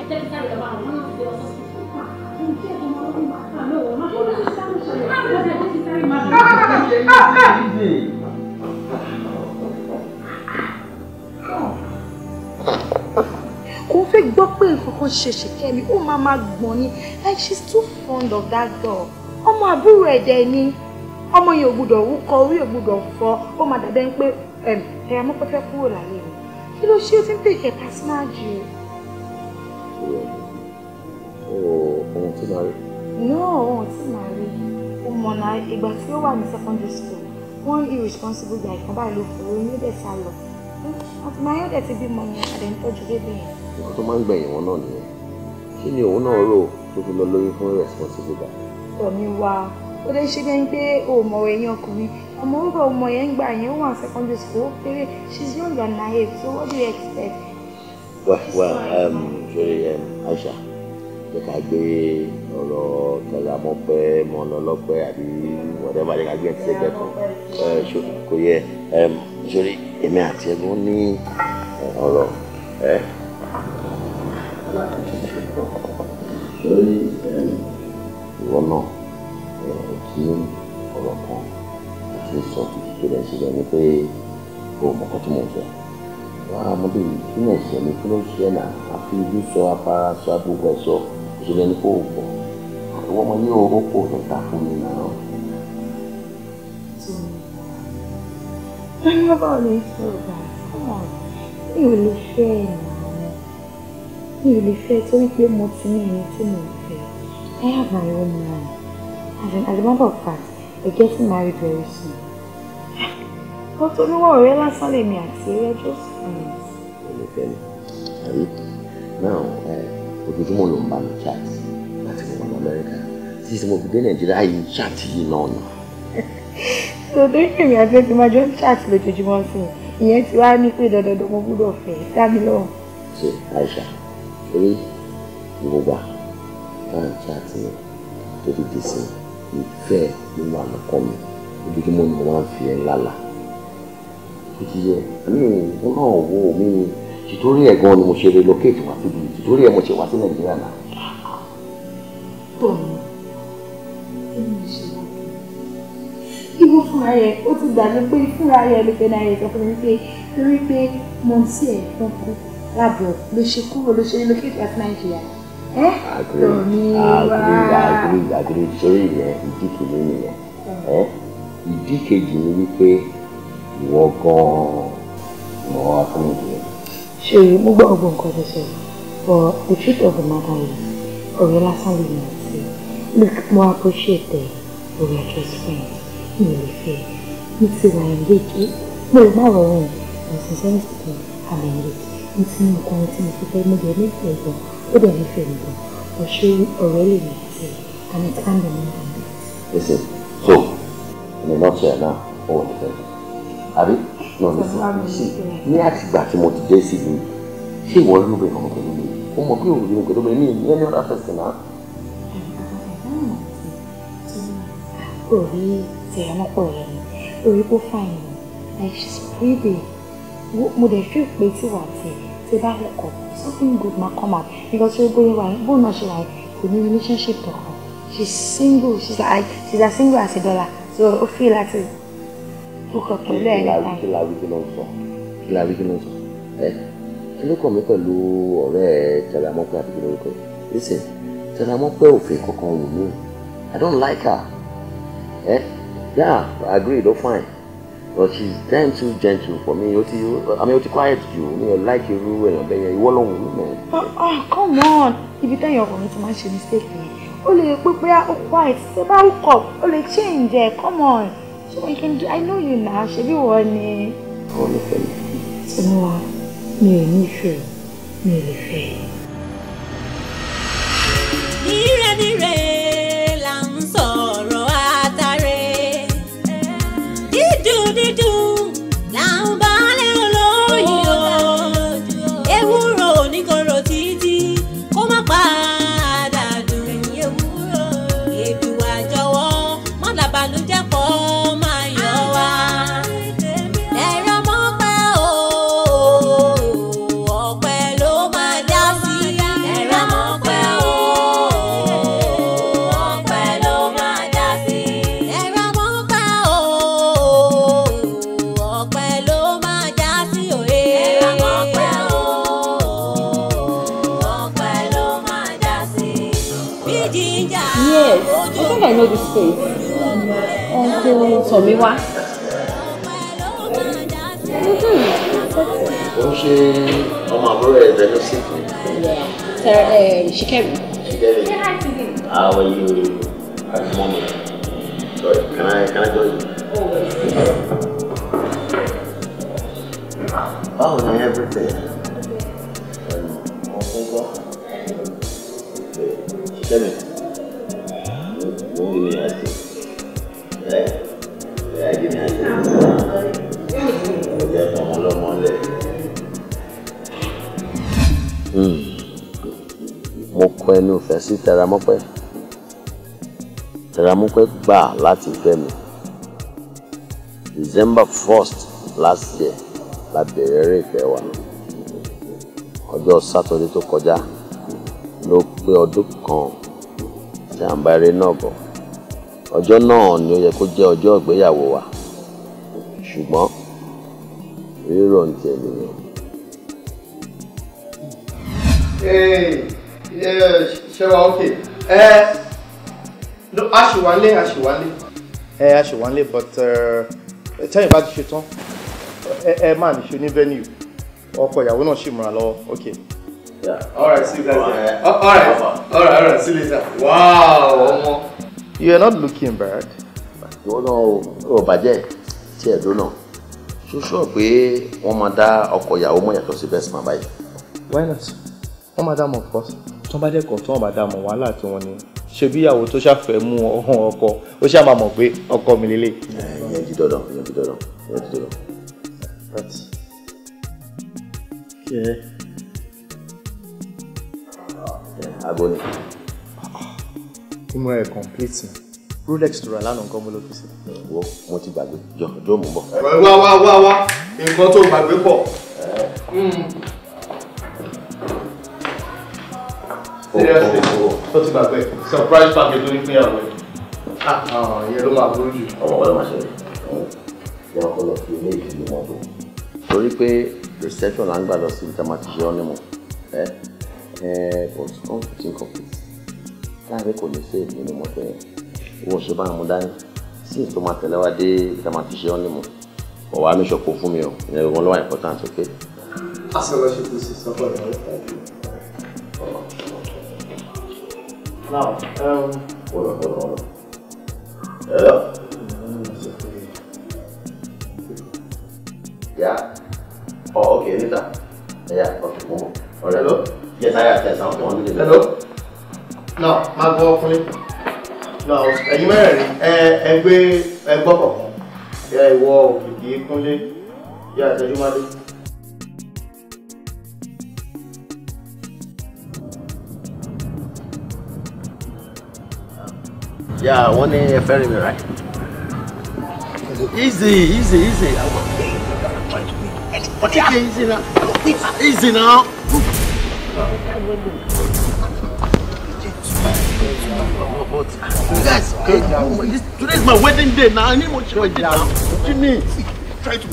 ẹ tẹ́lẹ̀ sáré lọ́wọ́ àwọn ọmọ náà ti lọ sọ́sọ́ kò fẹ́ gbọ́ pé nǹkan ṣe ṣèkẹ́ mi ó máa máa gbọ̀n ni like she's too fond of that dog. ọmọ àbúrò ẹ̀dẹ̀ ni ọmọ yẹn ò gbúdọ̀ wúkọ orí ò gbúdọ̀ fọ ó máa dàbẹ́ ń pé ẹ̀yà mọ́pẹ́ fẹ́ kúrò láyé mi kí ló ṣe ó ti ń pèkẹ́ personal jù. ohun tí màá rí No, òun Mary, máa rí o mọ̀ náà ìgbà tí secondary school one irresponsible guy kan báyìí ló fòrò ní ìdẹ̀ sá lọ. Àti máa yọ̀dẹ̀ ti bímọ yẹn àdẹ̀ ń tọ́jú bébí yẹn. Ìwà tó máa ń gbẹ̀yìn wọn náà nìyẹn. Kí ni òun náà rò tó fi lọ guy? Tọ̀mí wa ó lè ṣe bẹ́ẹ̀ pé o mọ̀ ẹ̀yìn ọkùnrin ọmọ orúkọ ọmọ yẹn ń gbà yẹn ó wà secondary school ó she's young and naive so what do you expect? Well, well, um, sorry, um, Aisha jẹ́ ká gbé ọ̀rọ̀ tẹ̀lámọ́pẹ́ mọ́lọ́lọ́pẹ́ àbí whatever jẹ́ ká gbé ẹ̀tí sẹ́gbẹ̀ẹ́ kan kò yẹ sórí èmi àti ẹ̀gbọ́n ní ọ̀rọ̀ ẹ̀. ìwọ náà kí ọ̀rọ̀ kan ti sọ tó lẹ́ sílẹ̀ ni pé o mọ̀ kọ́ tí mo sọ wàá mo bí kí ni ẹ̀ṣẹ̀ mi kí ló àfi ibi sọ afárá sọ agbègbè sọ ìṣẹ̀lẹ̀ ní kò gbọ́ ìwọ ọmọ ní owó kò fẹ́ ta fún mi náà. báwo ni sọ̀rọ̀ bàbá mi ò lè fẹ́ ẹ̀ mi ò lè fẹ́ torí pé mo ti ní ẹni tí mo fẹ́ I have my own man as a as a matter of fact I get married very soon. wọ́n tó níwọ̀ ọ̀rẹ́ lásán lèmi àti ẹ̀rẹ́ just friends. ẹnikẹ́ni àbí náà ẹ̀. Eh, ojoojúmọ́ ló ń bá mi chat láti mo wà ní tí mo fi dé nàìjíríà yìí chat yìí náà ni. tòdó ìrìn àti ẹtì máa jọ ń chat lójoojúmọ́ sí i ìyẹn ti wá ní pé dandandan mo gbúdọ̀ fẹ́ dábì lọ́wọ́. ṣe Aisha eré ìwògbà tá ń chat yẹn tó fi dé sí ìfẹ́ nínú àlọ́kọ́ mi ojoojúmọ́ ni mo máa ń fi ẹ́ lálà kìkì yẹ mi náà wo mi nítorí ẹ̀ gan ni mo ṣe relocate wá síbi torí ẹ̀ mo ṣe wá sí nàìjíríà náà. bọ̀ ìwọ fúnra yẹ ó ti gbàgbé pé fúnra yẹ ló fẹ́ náà yẹ sọ fún mi pé torí pé mo ń sí ẹ̀ fún kú lábọ̀ ló ṣe kúrò ló ṣe relocate at nàìjíríà. àgbèrè àgbèrè àgbèrè àgbèrè sórí ìyẹn ìdí kìíní nìyẹn ìdí kejì ni wípé ìwọ gan-an mọ́ akọ́nìyàn. ṣe mo gbọ́ ọgbọ́n nǹkan tó ṣẹlẹ̀. But the truth of the matter is, Oriola Sandy Nancy, look more appreciate that we are just friends. You will feel. You see, we are engaged. No, not wrong. But sincerely speaking, I'm engaged. You see, you can't see me because you don't need to go. You don't need to go. But she already Nancy, it can't be more than Listen, so, in a nutshell now, all the things. Abi, no, listen, see, ní actually tí mo ti dé She mi, ṣé ìwọ ló bẹ̀rẹ̀ ọmọbìnrin o mọ̀ pé òun ìgbẹ́ tó mọ ní ìyẹn ní ọ̀rọ̀ fẹsẹ̀ náà. orí tẹ̀yà mọ́ pọ̀ rẹ̀ orí kó fàyìn like she's pretty mo dẹ̀ feel pé tí wà tí tí something good ma come out because she bóyá wà bóun náà ṣe wà kò ní relationship kankan she's single she's like she's as single as a dollar so ó feel láti hook up pẹ̀lú ẹ̀ nípa. kí la wí kí ló ń lókàn mi pẹ̀lú ọ̀rẹ́ Tẹ̀lámọ́pẹ́ àbí lórúkọ listen Tẹ̀lámọ́pẹ́ òfin kankan wù mí I don't like her eh yeah agree. oh fine but she's damn too gentle for me o ti I mean o ti quiet ju mi ò like irú èèyàn bẹ́ẹ̀ yẹn ìwọ lòun mi mọ̀. come on ibi tẹ́yìn ọkùnrin ti máa ń ṣe mistake yẹn o lè pé pé ó quiet ṣe bá ó kọ̀ ó lè change ẹ̀ come on so we can do I know you na ṣebí wọ ni. ọ̀nìfẹ́ mi. ṣe mú wa. 你是，你是医院的人。I know this face. Uncle Tomiwa. Mm-hmm. Ó ṣe ọmọ àbúrò ẹ̀ bẹ́ẹ̀ ló sì kú. Ṣikẹ́mi. Ṣikẹ́mi. How are you? How's mommy? Sorry, can I, can I go? Always. Oh, my everything? ọkọ ẹni ò fẹ́ sí tẹramọ́pẹ́ tẹramọ́pẹ́ gbà láti fẹ́ mi December first last year la bẹ̀rẹ̀ eré ìfẹ́ wa ọjọ́ sátọdé kan tí à ń bá náà ni o yẹ ko je ọjọ́ ìgbéyàwó wa ṣùgbọ́n rírò ń tẹ̀lé Eh, ṣe wa ok ẹ eh, aṣèwálé aṣèwálé. ẹ eh, aṣèwálé but tẹ́yìn bá ti ṣe tán ẹ máa níṣó ní venue ọkọ ìyàwó náà ṣì múra lọ́wọ́ ok. Yeah. All right, see you guys. Uh, all right, all right, all right. See you later. Wow, ọmọ. You are not looking bad. No, no, o bàjẹ́ tí ẹ̀ dúró náà. Ṣo sọ pé wọ́n máa dá ọkọ ìyàwó mọ̀ yàtọ̀ sí best man báyìí? Why not? Wọ́n máa dá mọ̀ first tó bá dẹ́kọ̀ tó wọn bá dá mọ̀ wàhálà tí wọ́n ní ṣe bí ìyàwó tó ṣàfẹ́ mú ọ̀hún ọkọ ó ṣáà máa mọ̀ pé ọkọ mi lélẹ̀. ìyẹn ti dandan ìyẹn ti dandan ìyẹn ti dandan. Ah, àgbo ni. ìmúra ẹ̀ kọ̀ǹpìlìtì rolex tó rà lánàá nǹkan mú lọ́fíìsì. wo mo ti gbàgbé jọ jọ mú bọ. wá wá wá wá nǹkan tó gbàgbé pọ̀. Eh. Hmm. seriously tó ti gbàgbé surprise package tó ní pín àwọn ẹ̀ ah ìyẹn ló máa burú jù. ọmọ ọlọ́mọ ṣẹlẹ̀ ṣe ọkọ lọ fi ilé ìdílé mọ́tò. torí pé reception là ń gbà lọ sí ìjàmbá ti ṣe ọ́ nímọ̀ ẹ ẹ but wọ́n kò tí ń kọ́ pé láàbẹ kò lè ṣe nínú mọ́tò yẹn wọ́n ṣe bá àwọn dání sí ètò máa tẹ̀lé wa dé ìjàmbá ti ṣe ọ́ nímọ̀ ọ̀wá mi ṣọ̀kọ fún mi o ìyẹn ló wọ́n lọ́wọ́ important ok. a sọ lọ ṣe kó sì sọ́kọ̀ rẹ̀ ó Now, um, hold on, hold on, hold on. Hello? Uh, yeah. Oh, okay, later. Yeah, okay, move on. Oh, hello? Yes, I have yes, I'm on the Hello? Now, máa gbọ́ fún yín. Now, ẹ̀yin mẹ́rẹ̀ẹ̀rin, ẹ ẹ gbé ẹgbọ́ kọ̀ọ̀kan. Ìyá ìwọ òkìkí kúnlé, Yeah, ìtẹ́jú you dé. Yeah, one day ferry me, right? Easy, easy, easy. Okay, easy now. Easy now. Guys, eh, today is my wedding day now. I need more wedding now. What do you need? Try to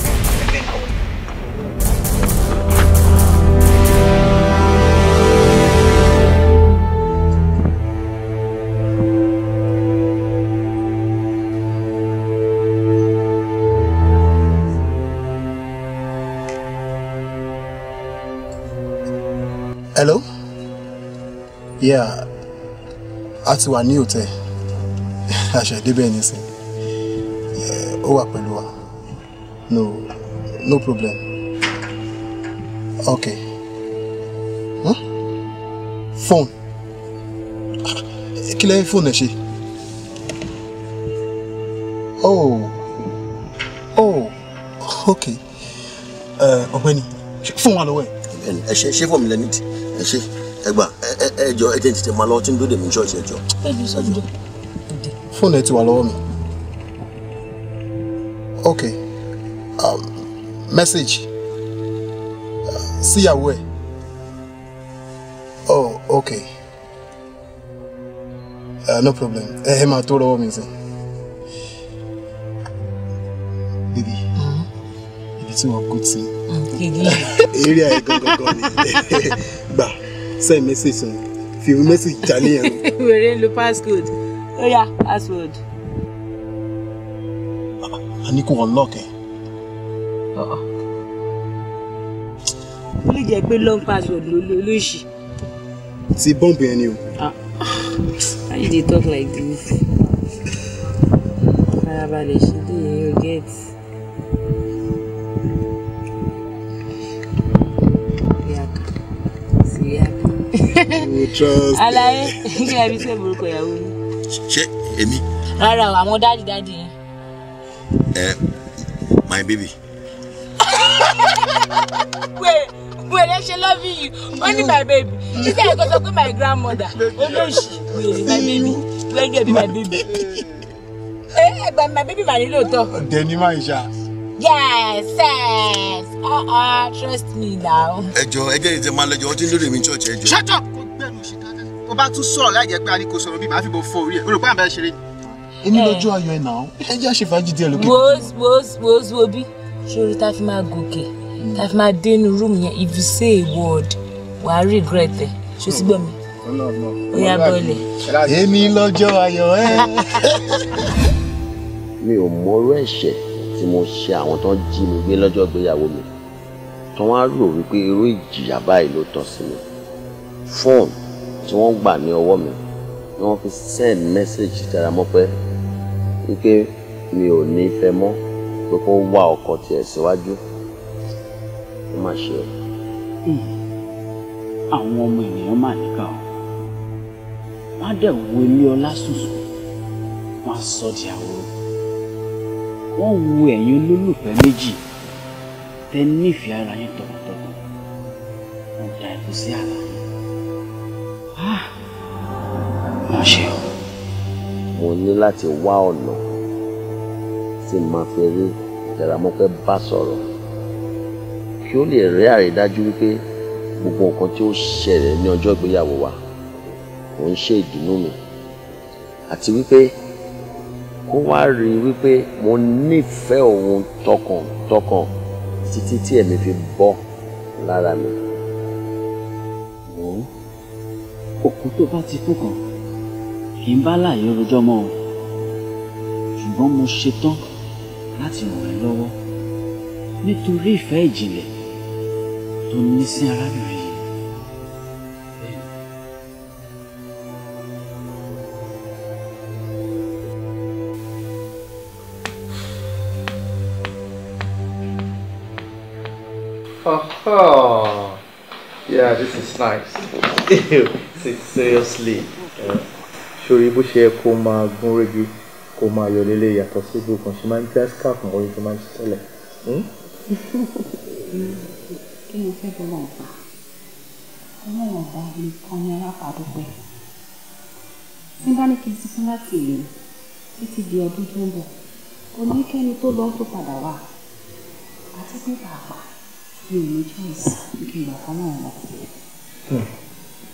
yeah a ti wà ní hòtẹ́ẹ̀ àṣẹ̀débẹ̀ nísìn ó wà pẹ̀lú wa no no problem okay huh? phone kí lẹ́yìn fóònù ẹ̀ ṣe oh oh okay uh, ọ̀gbẹ́ni fóònù wà lọ́wọ́ ẹ̀. ẹ ṣe fóònù lẹ́nìtì ẹ ṣe ẹgbà ẹ ẹjọ ẹ tètè máa lọ tí ń dóde mi ṣọ́ọ̀ṣì ẹjọ. fóònù ẹ ti wà lọ́wọ́ mi ok um, message síyàwó ẹ oh ok uh, no problem ẹ ẹ máa tó lọ́wọ́ mi sí. baby mm-hmm. ibi tí wọ́n kú sí mm, area ẹ gangan ni gbà send message sí mi fi message jalè yẹn. wèrè ń lo passcode ó yá password. a ní kò unlock ẹ. Uh-uh. ó lè jẹ́ pé long password ló lè lóṣì. ti bọ́ǹbù yẹn ni o. Ah, Why you dey talk like this. farabalẹ̀ ṣe lè yẹn o get. will trust. alaye kí ẹ fi ṣe burúkú ìyàwó yìí. ṣé èmi. rárá o àwọn dáàdì dáàdì yẹn. ẹ my baby. wait wait ẹ ṣe love you only my baby títí ẹ̀kọ́ sọ pé my grandmother olóòṣì oh, wait my baby wẹ́gẹ̀ bí my baby. ẹ ẹ gba my baby mà nílò tọ. dẹni máa ń ṣá yes yes uh-uh, trust me now. ẹjọ ẹjẹ ìtẹ máa lẹjọ ọtí lórí mi church ẹjọ. shut up o bá tún sọ̀rọ̀ láì jẹ́ pé a ní kò sọ̀rọ̀ bí màá fi bò fọ orí ẹ̀ o rò pé àbá ṣeré ni. èmi lójú ayọ̀ ẹ̀ nà ẹ jẹ́ àṣẹ fàájì díẹ̀ lókè. wos wos wo bí ṣòro tá a fi máa gòkè tá a fi máa dé rúùmù yẹn if you say a word wàá regret ẹ̀ ṣó sì gbọ́ mi. ó yá bọ́ọ̀lẹ̀. èmi lọ́jọ́ ayọ̀ ẹ̀. mi ò mọrú ẹ̀ṣẹ̀ tí mo ṣe àwọn tó ń jí mi gbé lọ́jọ́ ìgbéyàwó mi tí wọ́n á rò wípé irú ìjìyà báyìí ló tọ́ sí mi fóònù tí wọ́n gbà ní ọwọ́ mi ni wọ́n fi send message Teramope wípé mi ò ní fẹ́ mọ́ pé kó wá ọkọ tiẹ̀ síwájú ó má ṣe o. Hmm. àwọn ọmọ ènìyàn mà níkà o má dẹ̀ wo ilé ọlá sùsù má sọ di àwòrán wọ́n wo ẹ̀yin olólùfẹ́ méjì tẹ nífẹ̀ẹ́ ara yín tọkàntọkàn wọ́n da ẹ̀kú sí àlàyé mo ṣe o. mo ní láti wá ọ̀nà tí màá fi rí ìdáramọ́pẹ́ bá sọ̀rọ̀ kí ó lè rí àrídájú wípé gbogbo nǹkan tí ó ṣẹlẹ̀ ní ọjọ́ ìgbéyàwó wa kò ń ṣe ìdùnnú mi àti wípé kó wá rí i wípé mo nífẹ̀ẹ́ òun tọkàntọkàn títí tí ẹ̀mí fi bọ́ lára mi. òkú tó bá ti kú kan kì í bá láàyè rojọ́ mọ́ o ṣùgbọ́n mo ṣetán láti ràn ẹ́ lọ́wọ́ nítorí ìfẹ́ ìjìnlẹ̀ tó ní sí arábìnrin yìí. Oh, yeah, this is nice. take seriously ṣòrí eh, bó ṣe kó máa gún régé kó máa yọ lélẹ̀ yàtọ̀ sí bó kan ṣe máa ń dá scarf mọ́ orí tó máa ń ṣẹlẹ̀. Hmm? kí ni fẹ́ bọ́ lọ́n pa ọlọ́run ọba mi kan ní alápàdúpẹ́ tí n bá ní kí n sisún láti ìlú títí di ọdún tó ń bọ̀ oníkẹ́ni tó lọ́ tó padà wá àti pé pàápàá mi ò ní choice kí n gbà fọ́nà ọ̀hún.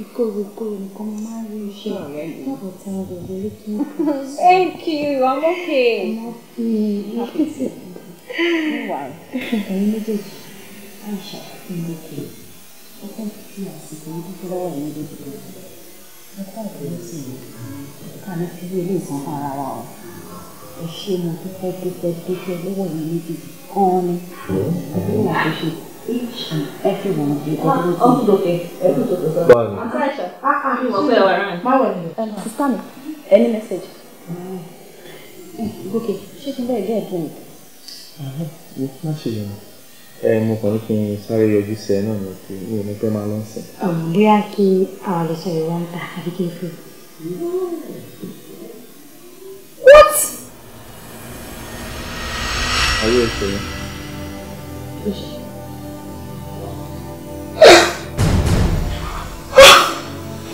Ìkorokoro nìkan mo máa ń rí iṣẹ́ láàbò tí mo gbogbo rí kí n kú. Thank you, I'm okay. Mo fi ìrísí ẹ̀yin méjèèjì àṣà ìmọ̀kè. Ó fẹ́ fi àsìkò dúpẹ́ lọ́wọ́ ẹ̀yin méjèèjì. Mo kọ́ ìdílé sí mi. Ká ní fi ilé ìsan fún ara wa o. Ẹ ṣé mo dúpẹ́ dúpẹ́ dúpẹ́ lọ́wọ́ ẹ̀yin méjèèjì gan-an ni. Ó wà tó ṣe each and every one of you ọdún tó kù. ọkùnrin ẹkùn tó tó sọ. àkàṣà àkàṣà ìwọ pé wà rán. má wọ ni. sista mi any message. gòkè ṣé kí n bẹ́ẹ̀ gẹ́ ẹ̀dùn mi. mo má ṣe yẹn ẹ mo kàn ń fi sáré yọjú sí ẹ náà ní ti mi ò ní fẹ́ máa lọ sí. Oh, bóyá kí àwọn ọlọsọ yìí wá ta àbí kí n fi. what. ayé ìṣòro.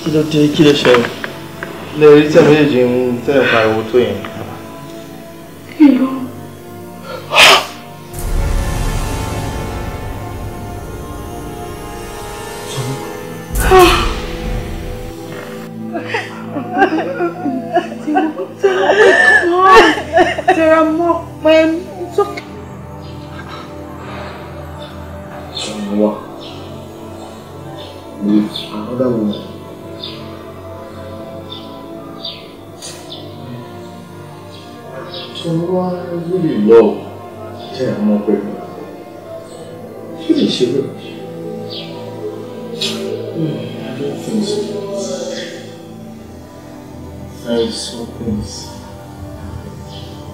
kí ló dé kí ló ṣẹlẹ̀. lè rí tẹ̀ méjèèjì ń tẹ̀ pariwo tó yẹn. èèyàn So why really love tẹ́ ẹ̀ Kí lè ṣe bẹ́ẹ̀? Hmm, I don't so.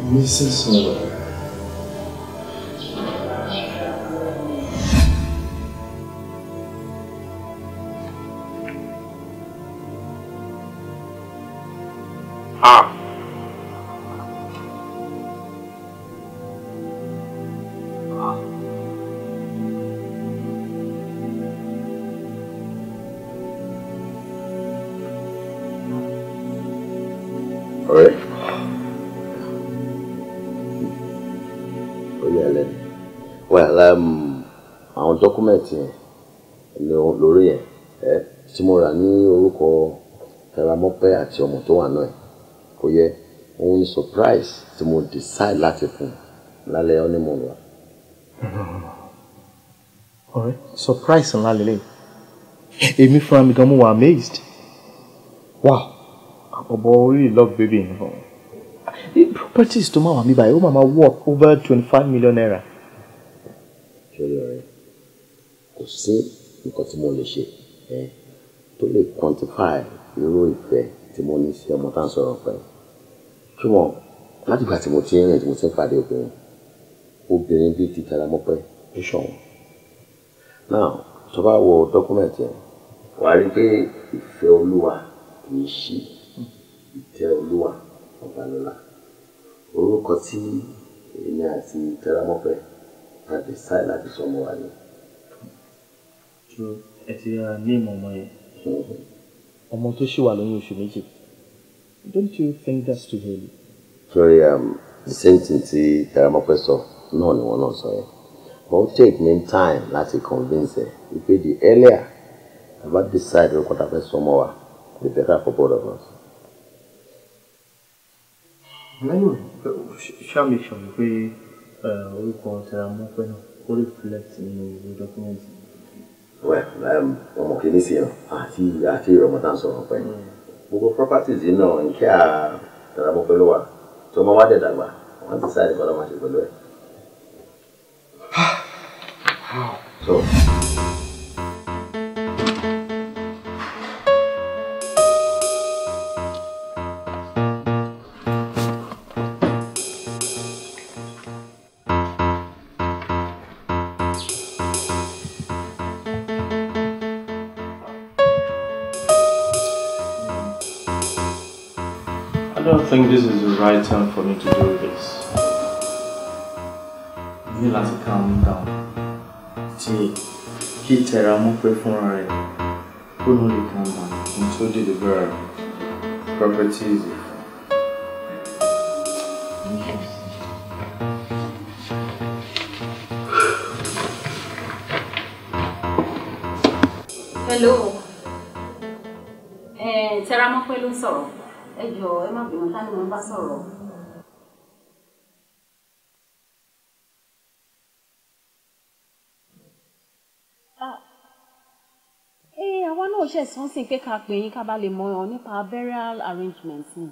I Mrs. Sọ̀rọ̀. dọ́kúmẹ̀tì lórí yẹn ẹ tí mo rà ní orúkọ Teramope àti ọmọ tó wà náà kò yẹ òun ni surprise tí mo decide láti fún un lálẹ́ honeymoon wa. ọ̀rẹ́ surprise ńlá lélẹ̀ èmi fúnra mi gan mo wà amazed wow ọ̀bọ̀ orí love baby nìkan properties tó máa wà mí báyìí ó máa máa work over twenty five million naira. kò sí nǹkan tí mo lè ṣe ẹ tó lè quantify irú ìfẹ́ tí mo ní sí ọmọ tá sọ̀rọ̀ pẹ̀lú ṣùgbọ́n láti ìgbà tí mo ti rìn tí mo ti ń pàdé obìnrin obìnrin bíi ti tara mọ́pẹ́ tó ṣọ̀wọ́n náà tó bá wo dọ́kúmẹ̀ntì yẹn wà á rí pé ìfẹ́ olúwa kì í ṣí ìtẹ́ olúwa ọba lọ́la orúkọ tí èmi àti tẹ́lámọ́pẹ́ àti sáì láti sọmọ wa ni ẹ ti ra name ọmọ yẹn. ọmọ tó ṣì wà lóyún oṣù méjì don't you think that's too early. sorry um, the same thing ti taramọ́pẹ́ sọ náà ni wọ́n náà sọ yẹn but it take me time láti convince ẹ wípé the earlier bàbá decide orúkọ tá a fẹ́ sọ ọmọ wa the better for both of us. lẹ́yìn ṣàmì ṣàmì pé uh, orúkọ taramọ́pẹ́ náà ó reflect nínú ìwé dọ́kúmẹ́ntì. Um, ọmọ kìíní sí yàn àti àti ìrọ̀mọ́ tá à ń sọ̀rọ̀ pẹ́ mm. gbogbo properties yìí náà nkẹ́ à tàràbọ̀ pẹ̀lú wa tí ọmọ wa dẹ̀ dàgbà wọ́n ti sáà nìkan lọ́ọ́ máa pẹ̀lú ẹ̀. Ah, so. think this is the right time for me to do this. You need to calm down. See, he tell me pray for her. Who know the calm down? And so did the girl. Property is it? Hello. Eh, Teramope ló ń ẹ jọ ẹ má bínú ká ní mo bá sọ̀rọ̀. Ah, ẹ àwa náà ṣe sọ́nsìn pé ká pè yín ká bá lè mọ ọ nípa burial arrangement ni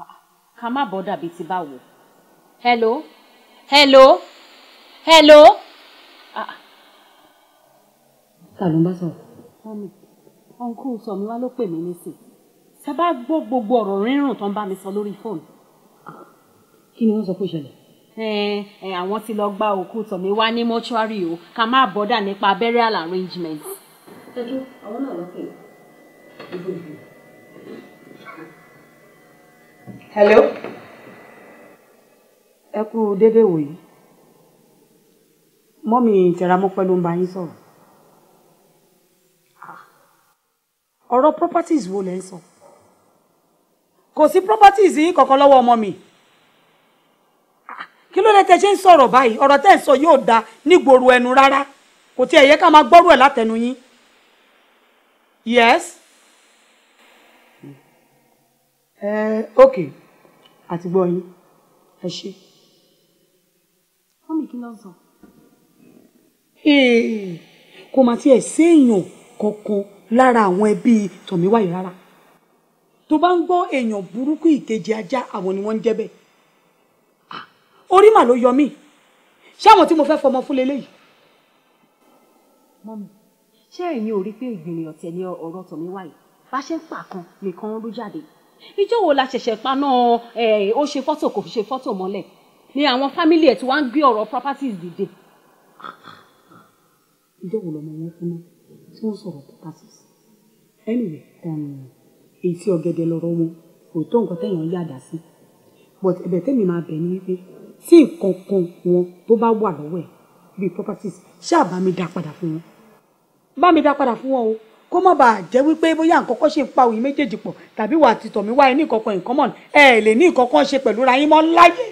ah, ká má bọ́ dàbí ti báwo. hello hello hello. Ah. ta ló ń bá sọ̀rọ̀ uncle Sọ̀míwá ló pè mí nísìn ṣe bá gbọ́ gbogbo ọ̀rọ̀ rírùn tó ń bá mi sọ lórí fóònù. kí ni wọ́n sọ pé ìṣẹ̀lẹ̀. ẹ àwọn ti lọ gba òkú Sọ̀míwá ní mọ́ṣúárì o ká má bọ́dà nípa burial arrangement. ṣẹ́jú àwọn náà lọ́kẹ́ ìbò ìbò. hello ẹ kú déédéé wòyí mọ́mì Tẹ̀ramọ́pẹ́ ló ń bá yín sọ̀rọ̀. ọ̀rọ̀ properties wo lẹ́ ń sọ kò sí properties yín kankan lọ́wọ́ ọmọ mi kí ló lè tẹ ṣe ń sọ̀rọ̀ báyìí ọ̀rọ̀ tẹ́ ń sọ yóò da nígboro ẹnu rárá kò tiẹ̀ yẹ ká máa gbọ́rọ̀ ẹ̀ látẹnu yín yes. ẹ ok àti gbọ́ yín ẹ ṣe. mọ́mí kí ló sọ. kò mà tiẹ̀ séèyàn kankan lára àwọn ẹbí tọ̀míwá yìí rárá tó bá ń gbọ́ èèyàn burúkú ìkejì ajá àwọn ni wọ́n ń jẹ́ bẹ́ẹ̀ ah, orí mà ló yọ mí ṣáwọn tí mo fẹ́ fọmọ fún leléyìí. mọ́mi ṣé ẹ̀yin ò rí pé ìgbìmọ̀ ọ̀tẹ̀ ni ọ̀rọ̀ tọ̀míwá yìí bá ṣe ń pa kan nìkan rú jáde ìjọ wo la ṣẹ̀ṣẹ̀ paná ó ṣe fọ́tò kò fi ṣe fọ́tò mọ́lẹ̀ ni àwọn fámìlì ẹ̀ tí wọ́n ń gbé ọ̀rọ̀ properties dìde. ìjọ wo lọmọ wọn kú náà tí wọ́n sọ̀rọ̀ potassium anyway um, èyí tí ọ̀gẹ̀dẹ̀ lọ́rọ̀ wọn kò tó nǹkan téèyàn yàdá sí but ẹ̀bẹ̀ tẹ́mi máa bẹ̀ ní wípé tí nǹkan kan wọn tó bá wà lọ́wọ́ ẹ̀ bíi properties ṣáà bá mi dá padà fún wọn bá mi dá padà fún wọn o kó má bàa jẹ́ wípé bóyá nǹkan kan ṣe ń pa òyìn méjèèjì pọ̀ tàbí wà àti tọ̀mí wáyé ní nǹkan kan in common ẹ lè ní nǹkan kan ṣe pẹ̀lú ra yín mọ́ láyé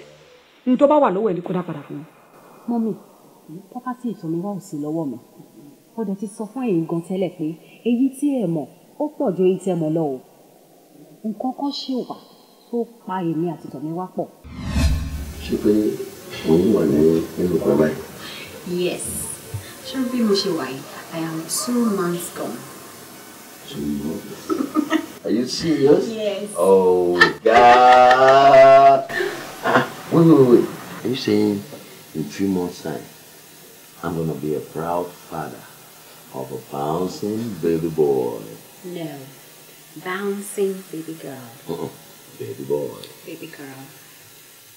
ní tó bá wà lọ́wọ́ ẹ̀ ní kó dá padà fún mi. mọ́mì pápá tí ìtọ́mi wá ò sí lọ́wọ́ mi ó dẹ̀ ti sọ fún ẹ̀yin gan tẹ́lẹ̀ pé èyí tí ẹ mọ̀ ó pọ̀ ju èyí tí ẹ mọ̀ lọ o nǹkan kan ṣì wà tó pa èmi àti tọ̀mí wá pọ̀. ṣé pé òun wà ní nínú kan báyìí. yes ṣé bí mo ṣe wà yìí i am two months gone. two are you serious. yes. oh god. ah wait wait wait are you saying in three months time i'm gonna be a proud father. of a bouncing baby boy. No, bouncing baby girl. Uh-uh, baby boy. Baby girl.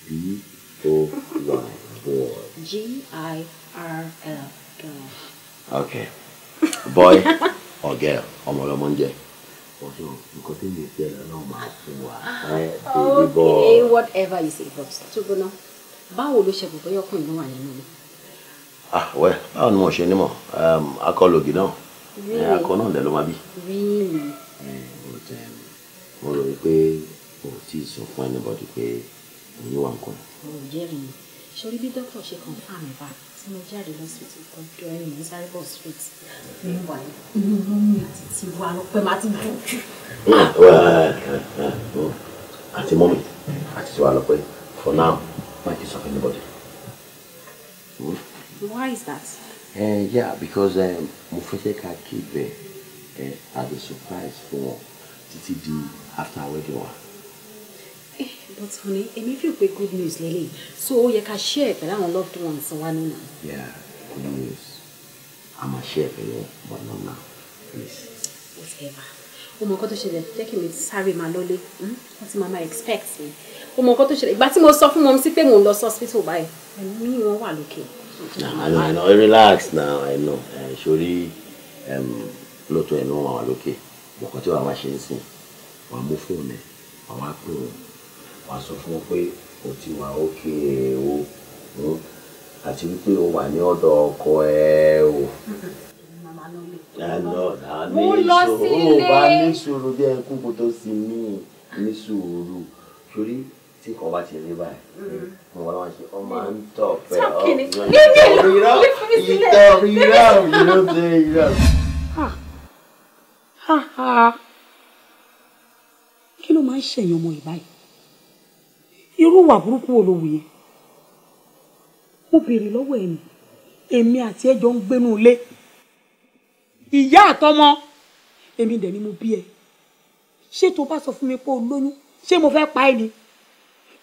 B O Y boy. G I R L girl. Okay. Boy or girl, ọmọ ọlọmọ ń jẹ. Ọ̀ṣun nǹkan tí mi fẹ́ lọ́nà máa fún wa. Baby Okay, whatever you say, but tó gbóná. Báwo ló ṣe bùbá yọkùnrin ló wà nínú ah wẹ báwo ni mo ṣe nímọ̀ um, akọlògì náà eh, akọ náà dẹ̀ ló máa bí. Eh, mo rò wípé mo ti sọ fún anybody pé mo ní wà nǹkan. mo jẹ́rìí sórí bí dókítà ṣe kàn fún àmì bá tí mo jáde lọ sí ti tọ́jú ẹ̀yìn ní sáré bọ̀ street ní wà inú lóyún àti tiwa lọ́pẹ́ máa ti dùn jù. àti mọ́mì àti tiwa lọ́pẹ́ for now má ti sọ fún anybody. mm Why is that? Uh, yeah, because eh, mo fẹ́ fẹ́ keep ẹ uh, eh, as a surprise for wọn títí di after wedding wa. But honey, èmi fi pé good news Lily. so ó can ká share with our loved ones wa nínú. Yeah, good news. I'm A máa share pẹ̀lú wọn náà now, please. Whatever o mọ nǹkan tó ṣẹlẹ̀ jẹ́ kí mi sáré máa lọ́lé hmm? wọ́n ti máa máa expect mi o mọ nǹkan tó ṣẹlẹ̀ ìgbà tí mo sọ fún mọ́mísí pé hospital báyìí ẹ̀mí wọn wà lókè. I know, I know. Relax now, I know. Uh, eh, surely, um, lóòótọ́ ẹ̀ ní wọ́n wà ṣe ń sìn. Wàá mú fóònù ẹ̀, wàá wá pè sọ fún pé ti wà òkè hmm? Àti wípé wà ní ọ̀dọ̀ ọkọ bá Surely. tí kò bá ti rí báyìí mm-hmm. mo wá wọn ṣe ọ máa ń tọ̀ pẹ́ ọ ìrọ̀ ìtọ̀ ìrọ̀ ìrọ̀ ṣe ìrọ̀. kí ló máa ń ṣèyàn ọmọ ìbáyìí irú wà burúkú wo ló wù yẹn mo béèrè lọ́wọ́ ẹ̀ ní èmi àti ẹ̀jọ̀ ń gbénú ilé ìyá àtọmọ èmi dẹ̀ ni mo bí ẹ ṣé tó bá sọ fún mi pé o lóyún ṣé mo fẹ́ pa ẹ́ ni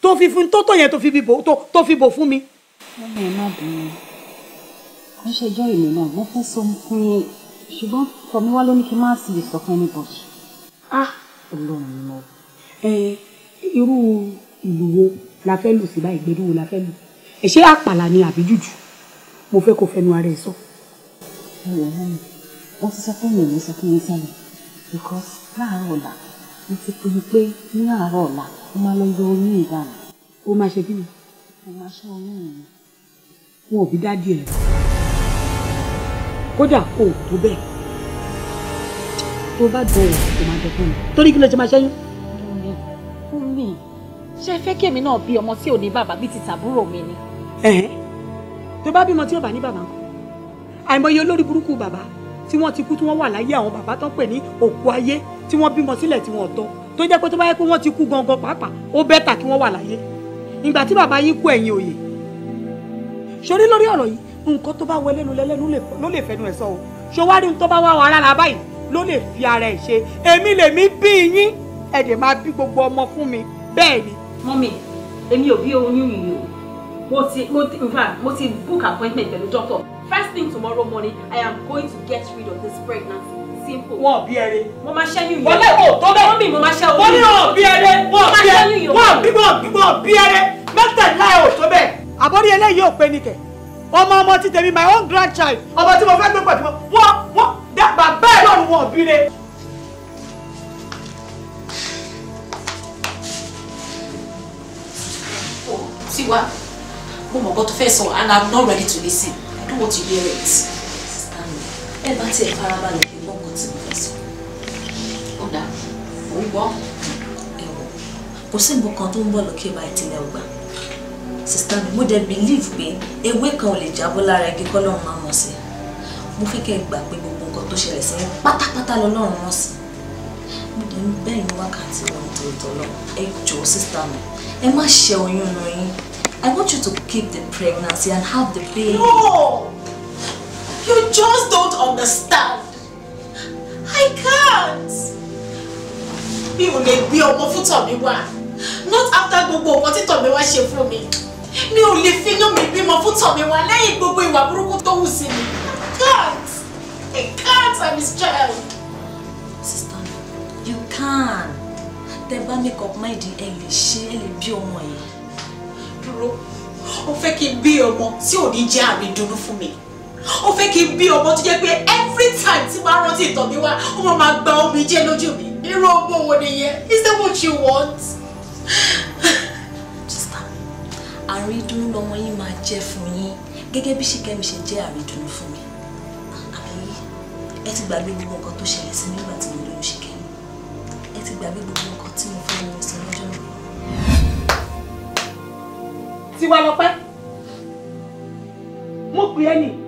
tó fi fún tó tó yẹn tó fi bò tó fi bò fún mi. lọ́nà ẹ̀ má bínú wọ́n ṣẹjọ́ ìlú náà wọ́n fẹ́ sọ fún yín ṣùgbọ́n Fọmíwá ló ní kí n má sì sọ fún ẹni bọ̀ṣù. a Ọlọ́run lọ irú ìlú wo la fẹ́ lù sí báyìí gbẹdú la fẹ́ lù ẹ àpàlà ni àbí jùjù mo fẹ́ kó fẹnu ara ẹ sọ. wọ́n ti sọ fún mi ní sọ fún mi sẹ́yìn because láàárọ̀ ọ̀la mo ti pinnu pé ní àárọ̀ ọ̀la mo máa lọ yọ oyún ìdànù ó máa ṣe kí ni mo máa ṣọ́ oyún mi wọn ò bí dádì ẹ̀ kódà kò tó bẹ́ẹ̀ tó bá dọ̀wọ̀ kò máa dọ̀ fún mi torí kí ló ṣe máa ṣẹ́yún. fún mi ṣe fẹ́ kí èmi náà bí ọmọ tí ò ní bàbá bíi ti tàbúrò mi ni. tó bá bímọ tí ò bá ní bàbá ńkọ́ àìmọye olórí burúkú bàbá tí wọ́n ti kú tí wọ́n wà láyé àwọn bàbá tó pè ní òkú ayé tí wọ́n bímọ sílẹ̀ tí wọ́n tọ́ tó jẹ́ pé tó bá yẹ pé wọ́n ti kú gangan pàápàá ó bẹ́tà kí wọ́n wà láyé ìgbà tí bàbá yín kú ẹ̀yin òye ṣorí lórí ọ̀rọ̀ yìí nǹkan tó bá wọ ẹlẹ́nu lẹ́lẹ́nu ló lè fẹnu ẹ̀ sọ o ṣo wá rí n tó bá wà wàrà là báyìí ló lè fi ara ẹ̀ ṣe èmi lèmi bí yín ẹ̀ dẹ̀ máa bí gbogbo ọmọ fún mi bẹ́ẹ̀ ni. mọ́mí èmi ò bí oyún yìí o mo ti mo ti in fact mo ti book appointment pẹ̀lú doctor first thing tomorrow morning i am going to get rid of this pregnancy simple. wọn ò bí ẹrẹ. mo máa ṣẹ́yìn yìí. wọlé o tó bẹ́ẹ̀. mọ́mí mo máa ṣẹ́ oyún. wọ́n ní wọn ò bí ẹrẹ. wọ́n ò bí ẹrẹ. wọ́n ò bí wọ́n bí wọ́n bí ẹrẹ. mẹ́tẹ̀ẹ̀lá ẹ̀ ò tó bẹ́ẹ̀. àbọ̀rí eléyìí ò pé nìkẹ́. ọmọ ọmọ ti tèmi my own grandchild. ọmọ tí mo fẹ́ gbé pàtó wọ́n wọ́n dàgbà bẹ́ẹ̀ lọ́rùn wọn ò bí re. Tiwa, mo mọ̀ gbọ́dọ̀ fẹ́ sọ and I'm not ready to listen. I don't want to hear it. Ẹ bá tiẹ̀ farabalẹ̀ kiri tí mo fẹ́ sí ó dà ó gbọ́ ẹ̀wọ̀ kò sí nǹkan kan tó ń bọ̀ lókè báyìí tilẹ̀ ọgbà sista mi mo dẹ̀ believe pé ewé kan ò lè jábọ́ lára igi kọ́lọ́run máa mọ̀ sí mo fẹ́ kẹ́ gbà pé gbogbo nǹkan tó ṣẹlẹ̀ sí pátápátá lọ́lọ́run mọ̀ sí mo dẹ̀ ń bẹ́ẹ̀ ní wákàtí wọn nítorí tọ́lọ́ ẹ jọ̀ọ́ sista mi ẹ má ṣe oyún nu yín I want you to keep the pregnancy and have the baby. No! You just don't understand. I can't. Mi ò lè gbé ọmọ fún Tọ̀míwá. Not after Gogo gbogbo nǹkan tí Tọ̀míwá ṣe fún mi. Mi ò lè finú mi bímọ fún Tọ̀míwá lẹ́yìn gbogbo ìwà burúkú tó hù sí mi. I can't. I can't. I'm his child. Sister, you can. Tẹ bá make up mind ẹ lè ṣe ẹ lè bí ọmọ yìí. Dúró, ó fẹ́ kí n bí ọmọ tí ò ní jẹ́ àmì dùnnú mi ó fẹ́ kí n bí ọmọ tó jẹ́ pé every time tí máa rántí ìtàn mi wá ó máa máa gba omi jẹ́ lójú mi irú ọmọ wo nìyẹn is that what you want. sista àrídùn lọmọ yín máa jẹ́ fún yín gẹ́gẹ́ bí ṣìkẹ́mi ṣe jẹ́ àrídùn fún mi àbí ẹ ti gbàgbé gbogbo nǹkan tó ṣẹlẹ̀ sí nígbà tí mo lóyún ṣìkẹ́mi ẹ ti gbàgbé gbogbo nǹkan tí mo fẹ́ lóyún sí lọ́jọ́ mi. tiwa lọpẹ mo pè é nìyí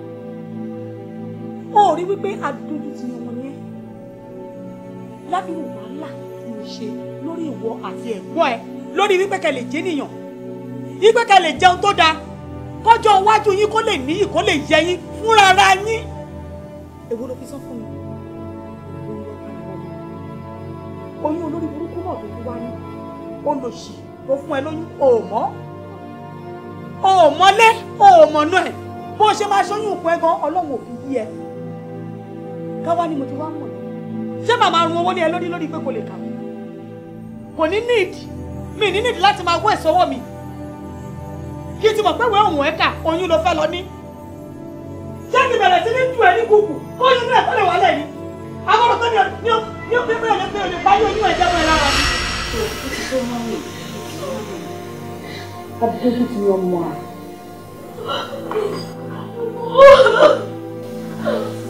ó rí wípé adójú ti wọn yẹn lábìrún wàhálà ni mo ṣe lórí ìwọ àti ẹ̀gbọ́n ẹ lórí wípé kẹ lè jẹ́ nìyàn wípé kẹ lè jẹun tó dáa kọjọ iwájú yín kó lè níyì kó lè yẹ yín fúnra ara yín èwo ló fi sọ fún mi oyún olórí burúkú náà tó fi wá ní olòṣì tó fún ẹ lóyún òmọ́ òmọ́lé òmọ́nú ẹ̀ bó ṣe máa ṣoyún òkú ẹ gan ọlọ́run ò fi yí ẹ káwá ni mo ti wá mọ̀ ní ṣé màmá run owó ní ẹ lórí lórí pé kò lè kàwé kò ní need mi ní need láti máa wọ ìsọwọ́ mi kí n ti mọ̀ pé ìwé òun ẹ̀ka oyún ló fẹ́ lọ ní. ṣé ti bẹ̀rẹ̀ sí ní ju ẹ̀ ní kùkù kó oyún náà tó lè wà lẹ́ni agbọ́dọ̀ tó ní o ní o pépé òní pé òní parí oyún ẹ̀ jẹ́mọ̀ ẹ̀ lára mi. Adéjú ti yan a.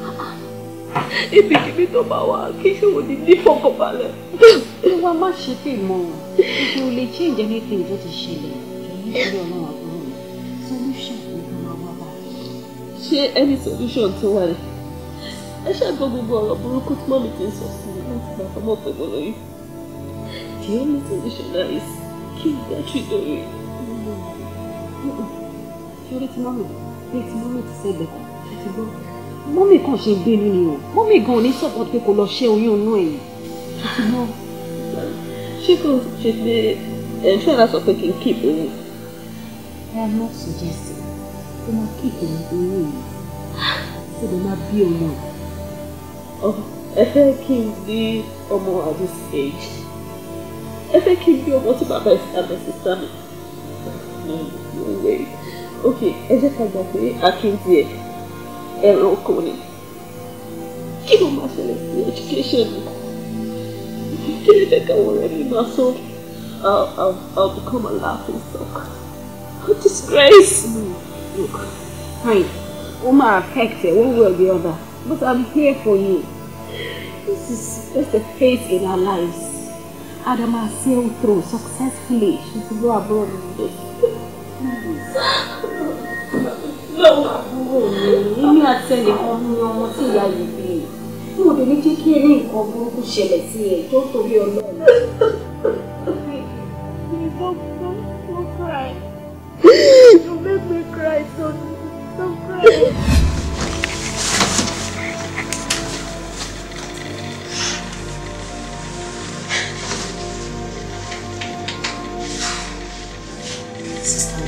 ibikíbi tó bá wà kí ìṣòwò ní ní fọkànbalẹ̀. ó wá má ṣe pé mọ ìṣe ò lè change anything tó ti ṣẹlẹ̀ nítorí ọlọ́run àbúrò mi solution ló máa wá bá. ṣé any solution tó wà rẹ̀ ẹ ṣàgbọ́ gbogbo ọ̀rọ̀ burúkú tí mọ́mí ti ń sọ sí mi láti gbà fọmọ́ pé mo lóyún. the only solution now is kí n dájú lórí. ṣé orí ti mọ́mí ti mọ́mí ti ṣe ti gbọ́ mọ́mì kan ṣe bínú ni o mọ́mì gan ò ní support pé kò lọ ṣe oyún inú ẹ̀ ṣé kò ṣe pé ẹ̀ ń fẹ́ láti sọ pé kí n keep oyún. I am not suggesting kó máa keep oyún yìí kó lè máa bí ọmọ ẹ̀. ẹ fẹ́ kí n bí ọmọ at this age ẹ fẹ́ kí n bí ọmọ tí bàbá ẹ̀ sábẹ̀ sí sábẹ̀. ok ẹ jẹ́ ká gbà pé akin díẹ̀. ẹranko ni kí ló máa ṣẹlẹ̀ sí education mi kí ló fẹ́ káwọn ọ̀rẹ́ mi máa sọ I'll, I'll, I'll become a laughing stock a disgrace. No, look fine o máa affect one way or the other but I'm here for you this is just a phase in our lives Adama sailed through successfully She's she go abroad in this. No. wò mí èmi àti ẹnìkan ní ọmọ tí ìyá yìí bí mi ò dé ní jẹ́ kí ẹ ní nǹkan burúkú ṣẹlẹ̀ sí ẹ tó torí ọlọ́run. cry, don't, don't cry. Sister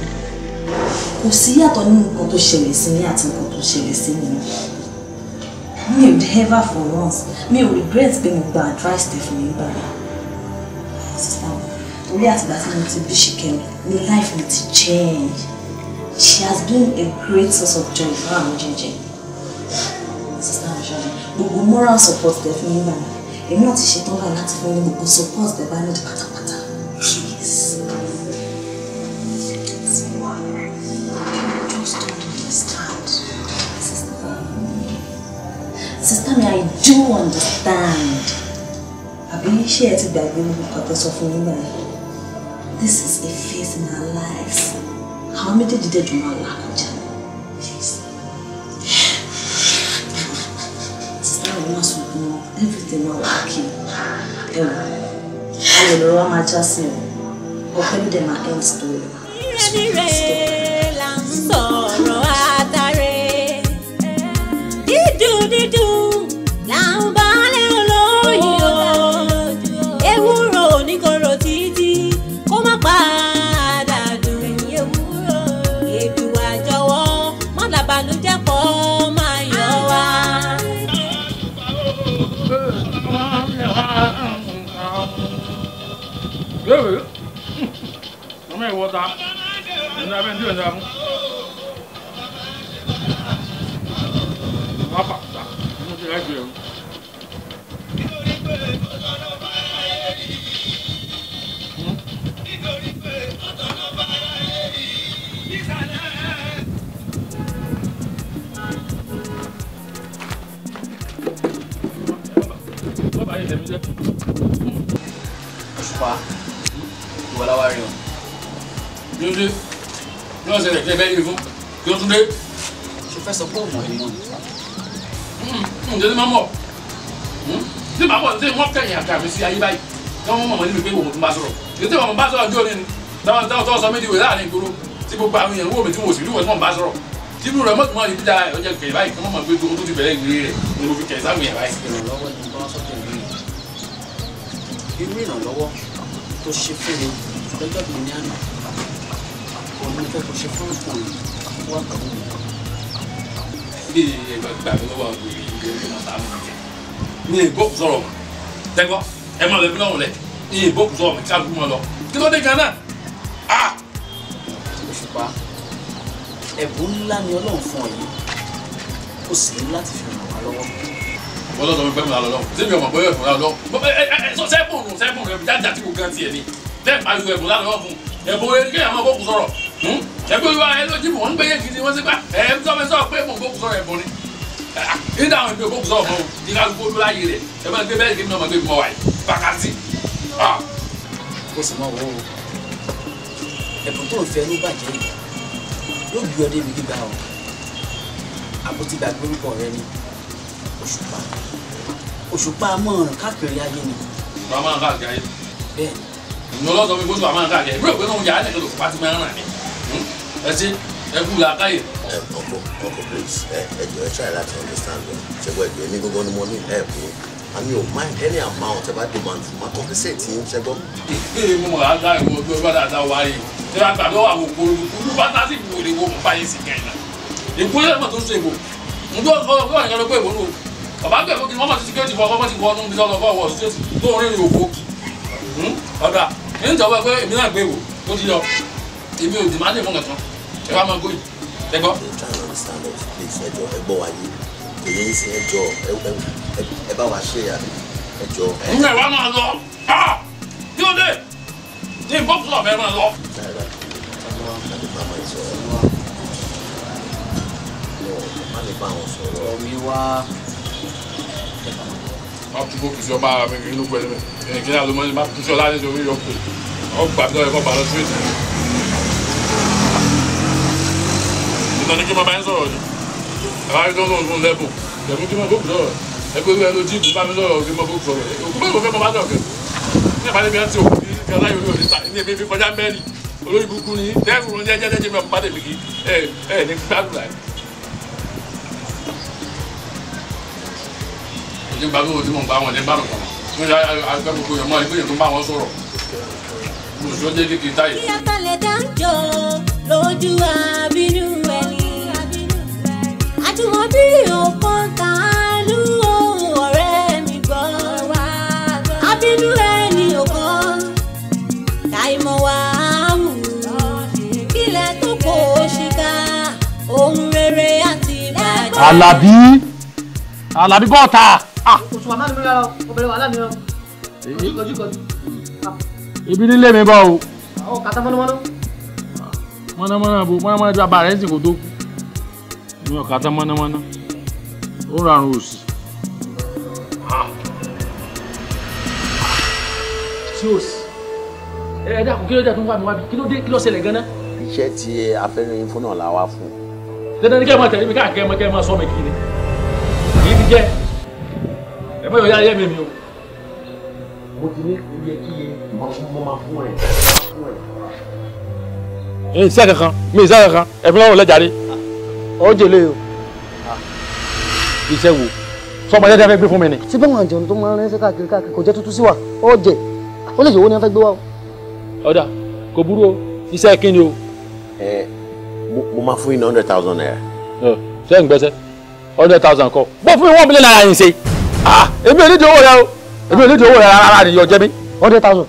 kò sí yàtọ̀ nínú nǹkan tó ṣẹlẹ̀ sí mi àti nǹkan tó ṣẹlẹ̀ sí mi mi ò dẹ́ẹ́fà for once mi ò regret pé mo gba advice tẹ̀ fún mi gbà mí sísá mi torí àtìgbà tí mo ti bí ṣìkẹ́mi ní life mi ti change she has been a great source of joy fún àwọn jẹjẹ sísá mi ṣáájú gbogbo moral support tẹ̀ fún mi gbà mí èmi náà ti ṣetán báyìí láti fún mi gbogbo support tẹ̀ bá ní pátápátá. understand. Àbí ṣé ẹ that gbàgbé orúkọ tẹ sọ fún nígbà yẹn? This is a phase in our lives. How many did máa do my Sísá àwọn máa sọ̀rọ̀ everything máa wà kí. Ẹ wò, ayọ̀ lọ́rọ̀ wa máa já sí wọn. end story. Ìrẹ́ni ọ̀nà abẹ́ ndí ọ̀nà mú. wọ́n apà kúta wọ́n ti rà jù ẹ̀rù. Òṣùpá, ìwọ láwárí o. Dúdú náà ṣe lẹ̀kẹ́ bẹ́ẹ̀ yìí fún kí ó tún dé. ṣe fẹ́ sọ pé òun ẹ̀ mọ̀ ní. ǹjẹ́ ní máa mọ̀ ní màá bọ̀ ní wọ́n kẹ̀yìn àga mi sí ayé báyìí káwọn mọ̀ mọ̀ níbi pé òun tún bá sọ̀rọ̀ èyí tí wọn bá sọ̀rọ̀ jó ni táwọn táwọn tó sọ mí di wẹ̀ láàrin ìgboro tí gbogbo àwọn èèyàn wò mí tí wọn ò sì rí wọn tí wọn bá sọ̀rọ̀ tí inú rẹ̀ mọ̀tò máa yí bíjà ọjà kẹ̀yìn báyìí káwọn mọ̀ pé tó tó ti bẹ̀rẹ̀ ìrírí rẹ̀ ni mo fi kẹ̀ sáwọn èèyàn báyìí. irú ìrànlọ́wọ́ tó ṣe fún mi lọ́jọ́ mi ní àná mo fẹ́ kó ṣe fún ọkùnrin wá pẹ̀lú mi. bí ẹgbẹ́ gbà mí lọ́wọ́ àwọn èèyàn yìí lórí ọ̀nà tá a mọ̀ jẹ́ ní ìbò kù sọ̀rọ̀ tẹ́gbọ́ Ah. máa lọ bí lọ́rùn lẹ̀ ní ìbò kù sọ̀rọ̀ mi kí alùpùpù máa lọ kí ló dé gan-an náà. Òṣùpá ẹ̀bùn ńlá ni Ọlọ́run fún ọ yìí ó sì ní láti fi ràn wá lọ́wọ́ ọlọ́dọ̀ gbẹ́mú la lọ́dọ̀ sẹ́mi ọmọ bọ́yọ̀ ẹ̀fọ́ la lọ. sọ sẹ́pù nù sẹ́pù nù ẹ̀bùn jáde àti kò gan tiẹ̀ ni bẹ́ẹ̀ máa ju ẹ̀bùn la lọ́wọ́ fún ẹ̀bùn kéèyàn máa bọ́ kù sọ̀rọ̀ ẹgbẹ́ hmm? olúwa ẹ lójú mò ń gbẹ́yẹ gidi wọ́n ti gbà ẹ ń sọ fẹ́ pé mò ń gbókùn sọ̀rọ̀ ẹ̀bùn ni nígbà àwọn ìgbẹ́ ògbókùn sọ̀rọ̀ o ní ká gbogbo láyé rẹ̀ ẹ máa gbé bẹ́ẹ̀ kí nínú ọmọ gbé mọ́ wa yìí bàkàtì. kó sì máa wọ o ẹ̀bùn tó ń fẹ́ ló bàjẹ́ yìí yóò gbé ọdẹ mi gíga o àbótí gba gbórúkọ rẹ ni òṣùpá òṣùpá amọ̀ràn káàkiri ayé ni. ọmọ káàkiri ayé. bẹ́ẹ̀ ni. ìyọlọ́sọ̀ mi gbọ́dọ̀ àmọ́ káàkiri ayé bí òpin náà ń yà á lẹ́kẹ̀ẹ́ ti máa ń rà ní. Mm-hmm. ẹ ṣe ẹ kú làákàyè. ẹ ọkọ ọkọ please ẹ ẹ jọ ẹ try láti understand ọ ṣẹgbọn ẹgbẹ mi gbogbo ni mo ní ẹ kú àmì ò mind any amount ẹ bá demand ma compensate yín ṣẹgbọn. ìpè mo máa dá ìwọ tó bá dáadáa wáyé ẹ bá gbàgbọ́ àwọn òkú olùkúlù bá tásì ìwò ìwò mọ̀ báyìí sì kẹ́yìn náà ìpínlẹ̀ mọ̀ tó ṣe ìwò ǹjọ́ ọ̀gbọ́n ọ̀gbọ́n ìyẹn ló pé ìwò ló bàbá gbẹ̀ fún kí wọ́n mọ̀ sí security fún ọgbọ́n ti wọnú bí sọ́nà fún ọwọ́ state tó ń rìnrìn òkú hmm? ọ̀dà ní ìjọba pé èmi náà gbé ìwò ó ti yọ èmi ò dìmá lè kankan ẹ wá máa gbóyè ẹ gbọ́. ẹ gbọ́ wáyé èyí ń sin ẹjọ́ ẹ bá wa ṣe ẹjọ́. ǹjẹ́ ìwà máa lọ kí ló dé ní bọ́ọ̀lù ọ̀bẹ máa lọ. Ọtúbó kìí ṣe ọba mi kìí ló pẹ̀lú mi. Ẹnìkíní àlùmọ́ni bá kìí ṣe ọlá ní ìṣòro Ọgbà tó ẹ̀kọ́ bàlọ́ sí ètò. ìtàn ní kí wọ́n bá ń sọ̀rọ̀ ni àwọn akẹ́kọ̀ọ́ náà fún lẹ́bùn lẹ́bùn kí wọ́n bó sọ̀rọ̀ ẹgbẹ́ ìwé ẹnu tí ìbùbá mi sọ̀rọ̀ kí wọ́n bó sọ̀rọ̀ òkúbẹ́ ìwé fẹ́ mọ́ bá sọ̀rọ̀ kẹ́ ní ìbálẹ̀ mi àti òkú ní kẹlá yòó yòó níta ní èmi fi kọjá mẹ́rì olórí kúkú ni dẹ́rù ló ń jẹ́ jẹ́jẹ́ mi ọ̀pá tèmi kì ẹ ẹ ní gbàdúrà ẹ̀. òjò gbàgbé wo tí mò ń bá wọn ní bá nìkan mo ṣe àgbẹ̀ gbogbo yẹn mọ́ ẹgbẹ́ yẹn tó ń bá wọn sọ̀rọ̀ mo ṣe ó jẹ́ kékeré táyé. ìyá kalẹ̀ dáńjọ́ lójú àbínú ẹ̀ àjùmọ̀bí òkan tààlú ọ̀rẹ́ mi gbọ́ abínú ẹni òkan táìmọ̀ wá wù kílẹ̀ tó kó ṣìkà ohun rere àti ìbàjẹ́. Àlàbí Àlàbí bọ́ọ̀tà. Ah! oṣù màmá mi rárá obìnrin wàhálà mi rán eh, eh. ojú kọjú. ibi nílé mi bọ́ o. àwọn kàtà mọ́nàmọ́ná. mọ́nàmọ́ná bo mọ́nàmọ́ná ju abàrẹ́ ń tó kú mi ò kàtá mọ́námọ́ná ó rarun òsì. tí o sì ẹ dákun kí ló dé tó ń wá mi wá bí kí ló dé kí ló ṣẹlẹ̀ gan-an. iṣẹ́ tí afẹ́rẹ́yìn fún náà la wá fún. dandan ni kẹ́ ẹ máa tẹ̀lé mi káàkiri ẹ máa kẹ́ ẹ máa sọ mi kiri kìí ti jẹ́ ẹ bá yọ ya ayé mi mi o. mo ti ní kí yẹ kí yẹ mo máa fún ẹ. ẹ ǹ sẹ́ kankan mi ǹ sẹ́ kankan ẹ fi lọ́wọ́ lẹ́jàre ó jèlé o. iṣẹ́ wo sọmọ jẹ́jẹ́ fẹ́ gbé fún mi ni. síbẹ̀ wọn àjẹun tó máa ń rẹ́sẹ̀ káàkiri káàkiri kò jẹ́ tuntun sí wa ó ó lè jẹ́ ni wọ́n fẹ́ gbé wa o. ọ̀dà kò burú o iṣẹ́ kí ni o. ẹ mo máa fún yín ní hundred thousand naira. ṣé ń gbẹ́sẹ̀ hundred thousand kọ bó fún mi one million naira yìí ṣe èmi ò ní di owó rẹ o èmi ò ní di owó rẹ rárá ni yọ jẹ mi. hundred thousand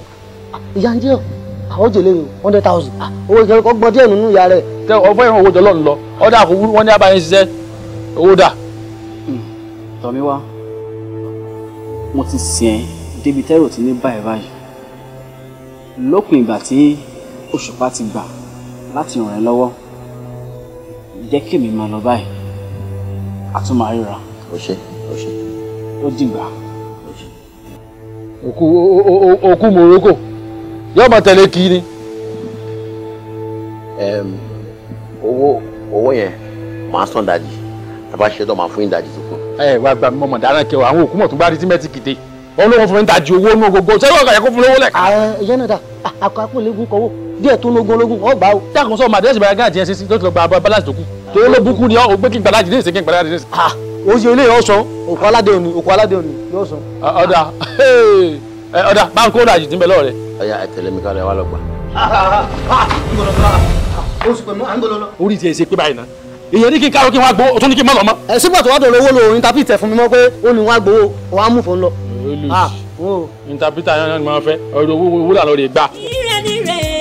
ìyá ń jẹ́ o àwọn ah, jèlè One hundred thousand ah, owó ìkẹrẹ kọ gbọ díẹ̀ nínú ìyá rẹ. tẹ ọgbọ́n ìwọ̀n owó jọlọ ń lọ ọ̀dà àkókò wọn ní abayín ṣiṣẹ́ owó dà. Hmm. tọ́míwá mo ti sìn ẹ́ débi tẹ́rù ti ní báyìí báyìí lópin ìgbà tí òṣùpá ti gbà láti ràn ẹ́ lọ́wọ́ jẹ́ kí èmi máa lọ báyìí a tún máa ríra. ó ṣe ó ṣe. ó dìgbà. òkú òkú morocco yóò máa tẹ̀lé kí ni. owó owó yẹn màá sàn dàjì tàbá ṣe tó máa fún yín dàjì tó kù. ẹ wá gba mọmọ dáná kẹwàá àwọn òkú mọ̀ tó bá rí símẹ́ǹtì kìdé wọn ló wọn fún mi dàjì owó nù gbogbo sẹ́yìn ọ̀gá yẹ kó fún lówó lẹ̀. Ah, ìyẹn náà dà àkọ́kọ́ lẹ́gùn kọ́wọ́ díẹ̀ tó lógún ológun ọ̀ gbà ó. dákun sọ màdé ẹ̀sìnbára gáàjì ẹ̀ sísí tó ti lọ gba abọ́ balance tó kù. tó ló bukú ni ọ gbé kí n gbàdájì ní ìsìnkí n gbàdájì ní ìsìnkí. Ah, ó ṣe ilé yóò sọ òkú aládé òní òkú aládé òní yóò sọ. ọ̀dà ẹ ọ̀dà bá ń kó ràjì tí ń bẹ lọ́wọ́ rẹ. ọ̀yá ẹ tẹ̀lé mi ká lọ ẹ wá lọ gbà. orí ti ẹ ṣe pé báyìí náà èyàn ní kí n kárò kí n wá gbó o tún ní kí n má lọ mọ. ẹ sígbà tó wá dọ̀rọ̀ owó lo òun tàbí ìtẹ̀ fún mi mọ́ pé ó ní wá gbowó ó wá mú fún un lọ. Ah, interpreter yẹn ni mo fẹ́ ọ̀rọ̀ owó wúrà lọ rè gbà. ìrẹ́ni rẹ̀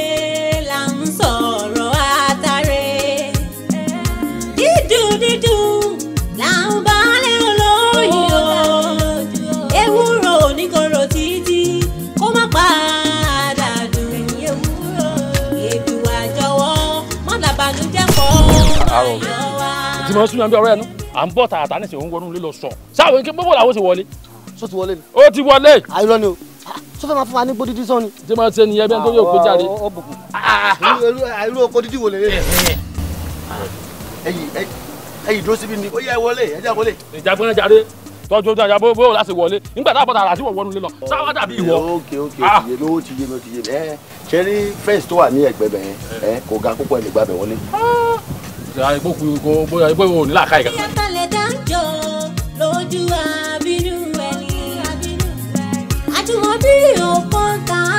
ti mọ súnmọ́ bí ọ̀rọ̀ ẹnu à ń bọ̀ tààtà ní ìṣèwọ̀n wọnú lílọ sọ sáwọn ike gbogbo làwọn ṣe wọlé. sọ ti wọlé ni. ó ti wọlé. àìrọ ah, ni o sọ fẹ́ máa fún wa ní gbódídí sọ ni. ṣé máa ṣe nìyẹn bí ẹni tó yóò kó jáde. àìrọ gbódídí wò lè. Eh, eh, eh. ẹ̀yin dúró síbi ni ó yẹ wọlé ẹjá wọlé. ìjà gbọ́n jáde tọ́jú ọjà bó bó láti wọlé nígbà tá a bọ̀ tààrà tí wọ́n wọnú lílọ sáwá dàbí ìwọ. ókè oh, ókè ó ti yé mi ó ti yé mi ó ti yé mi ẹ ṣe rí fẹ́ǹsì tó wà ní ẹ̀gbẹ́ bẹ̀yẹn kò ga púpọ̀ ẹ̀ lè gbà bẹ̀ wọlé. Ah ìgbókùn ìgbókùn òní làákàyè kan. lójú àbínú ẹni àjùmọ̀ bí òkúta.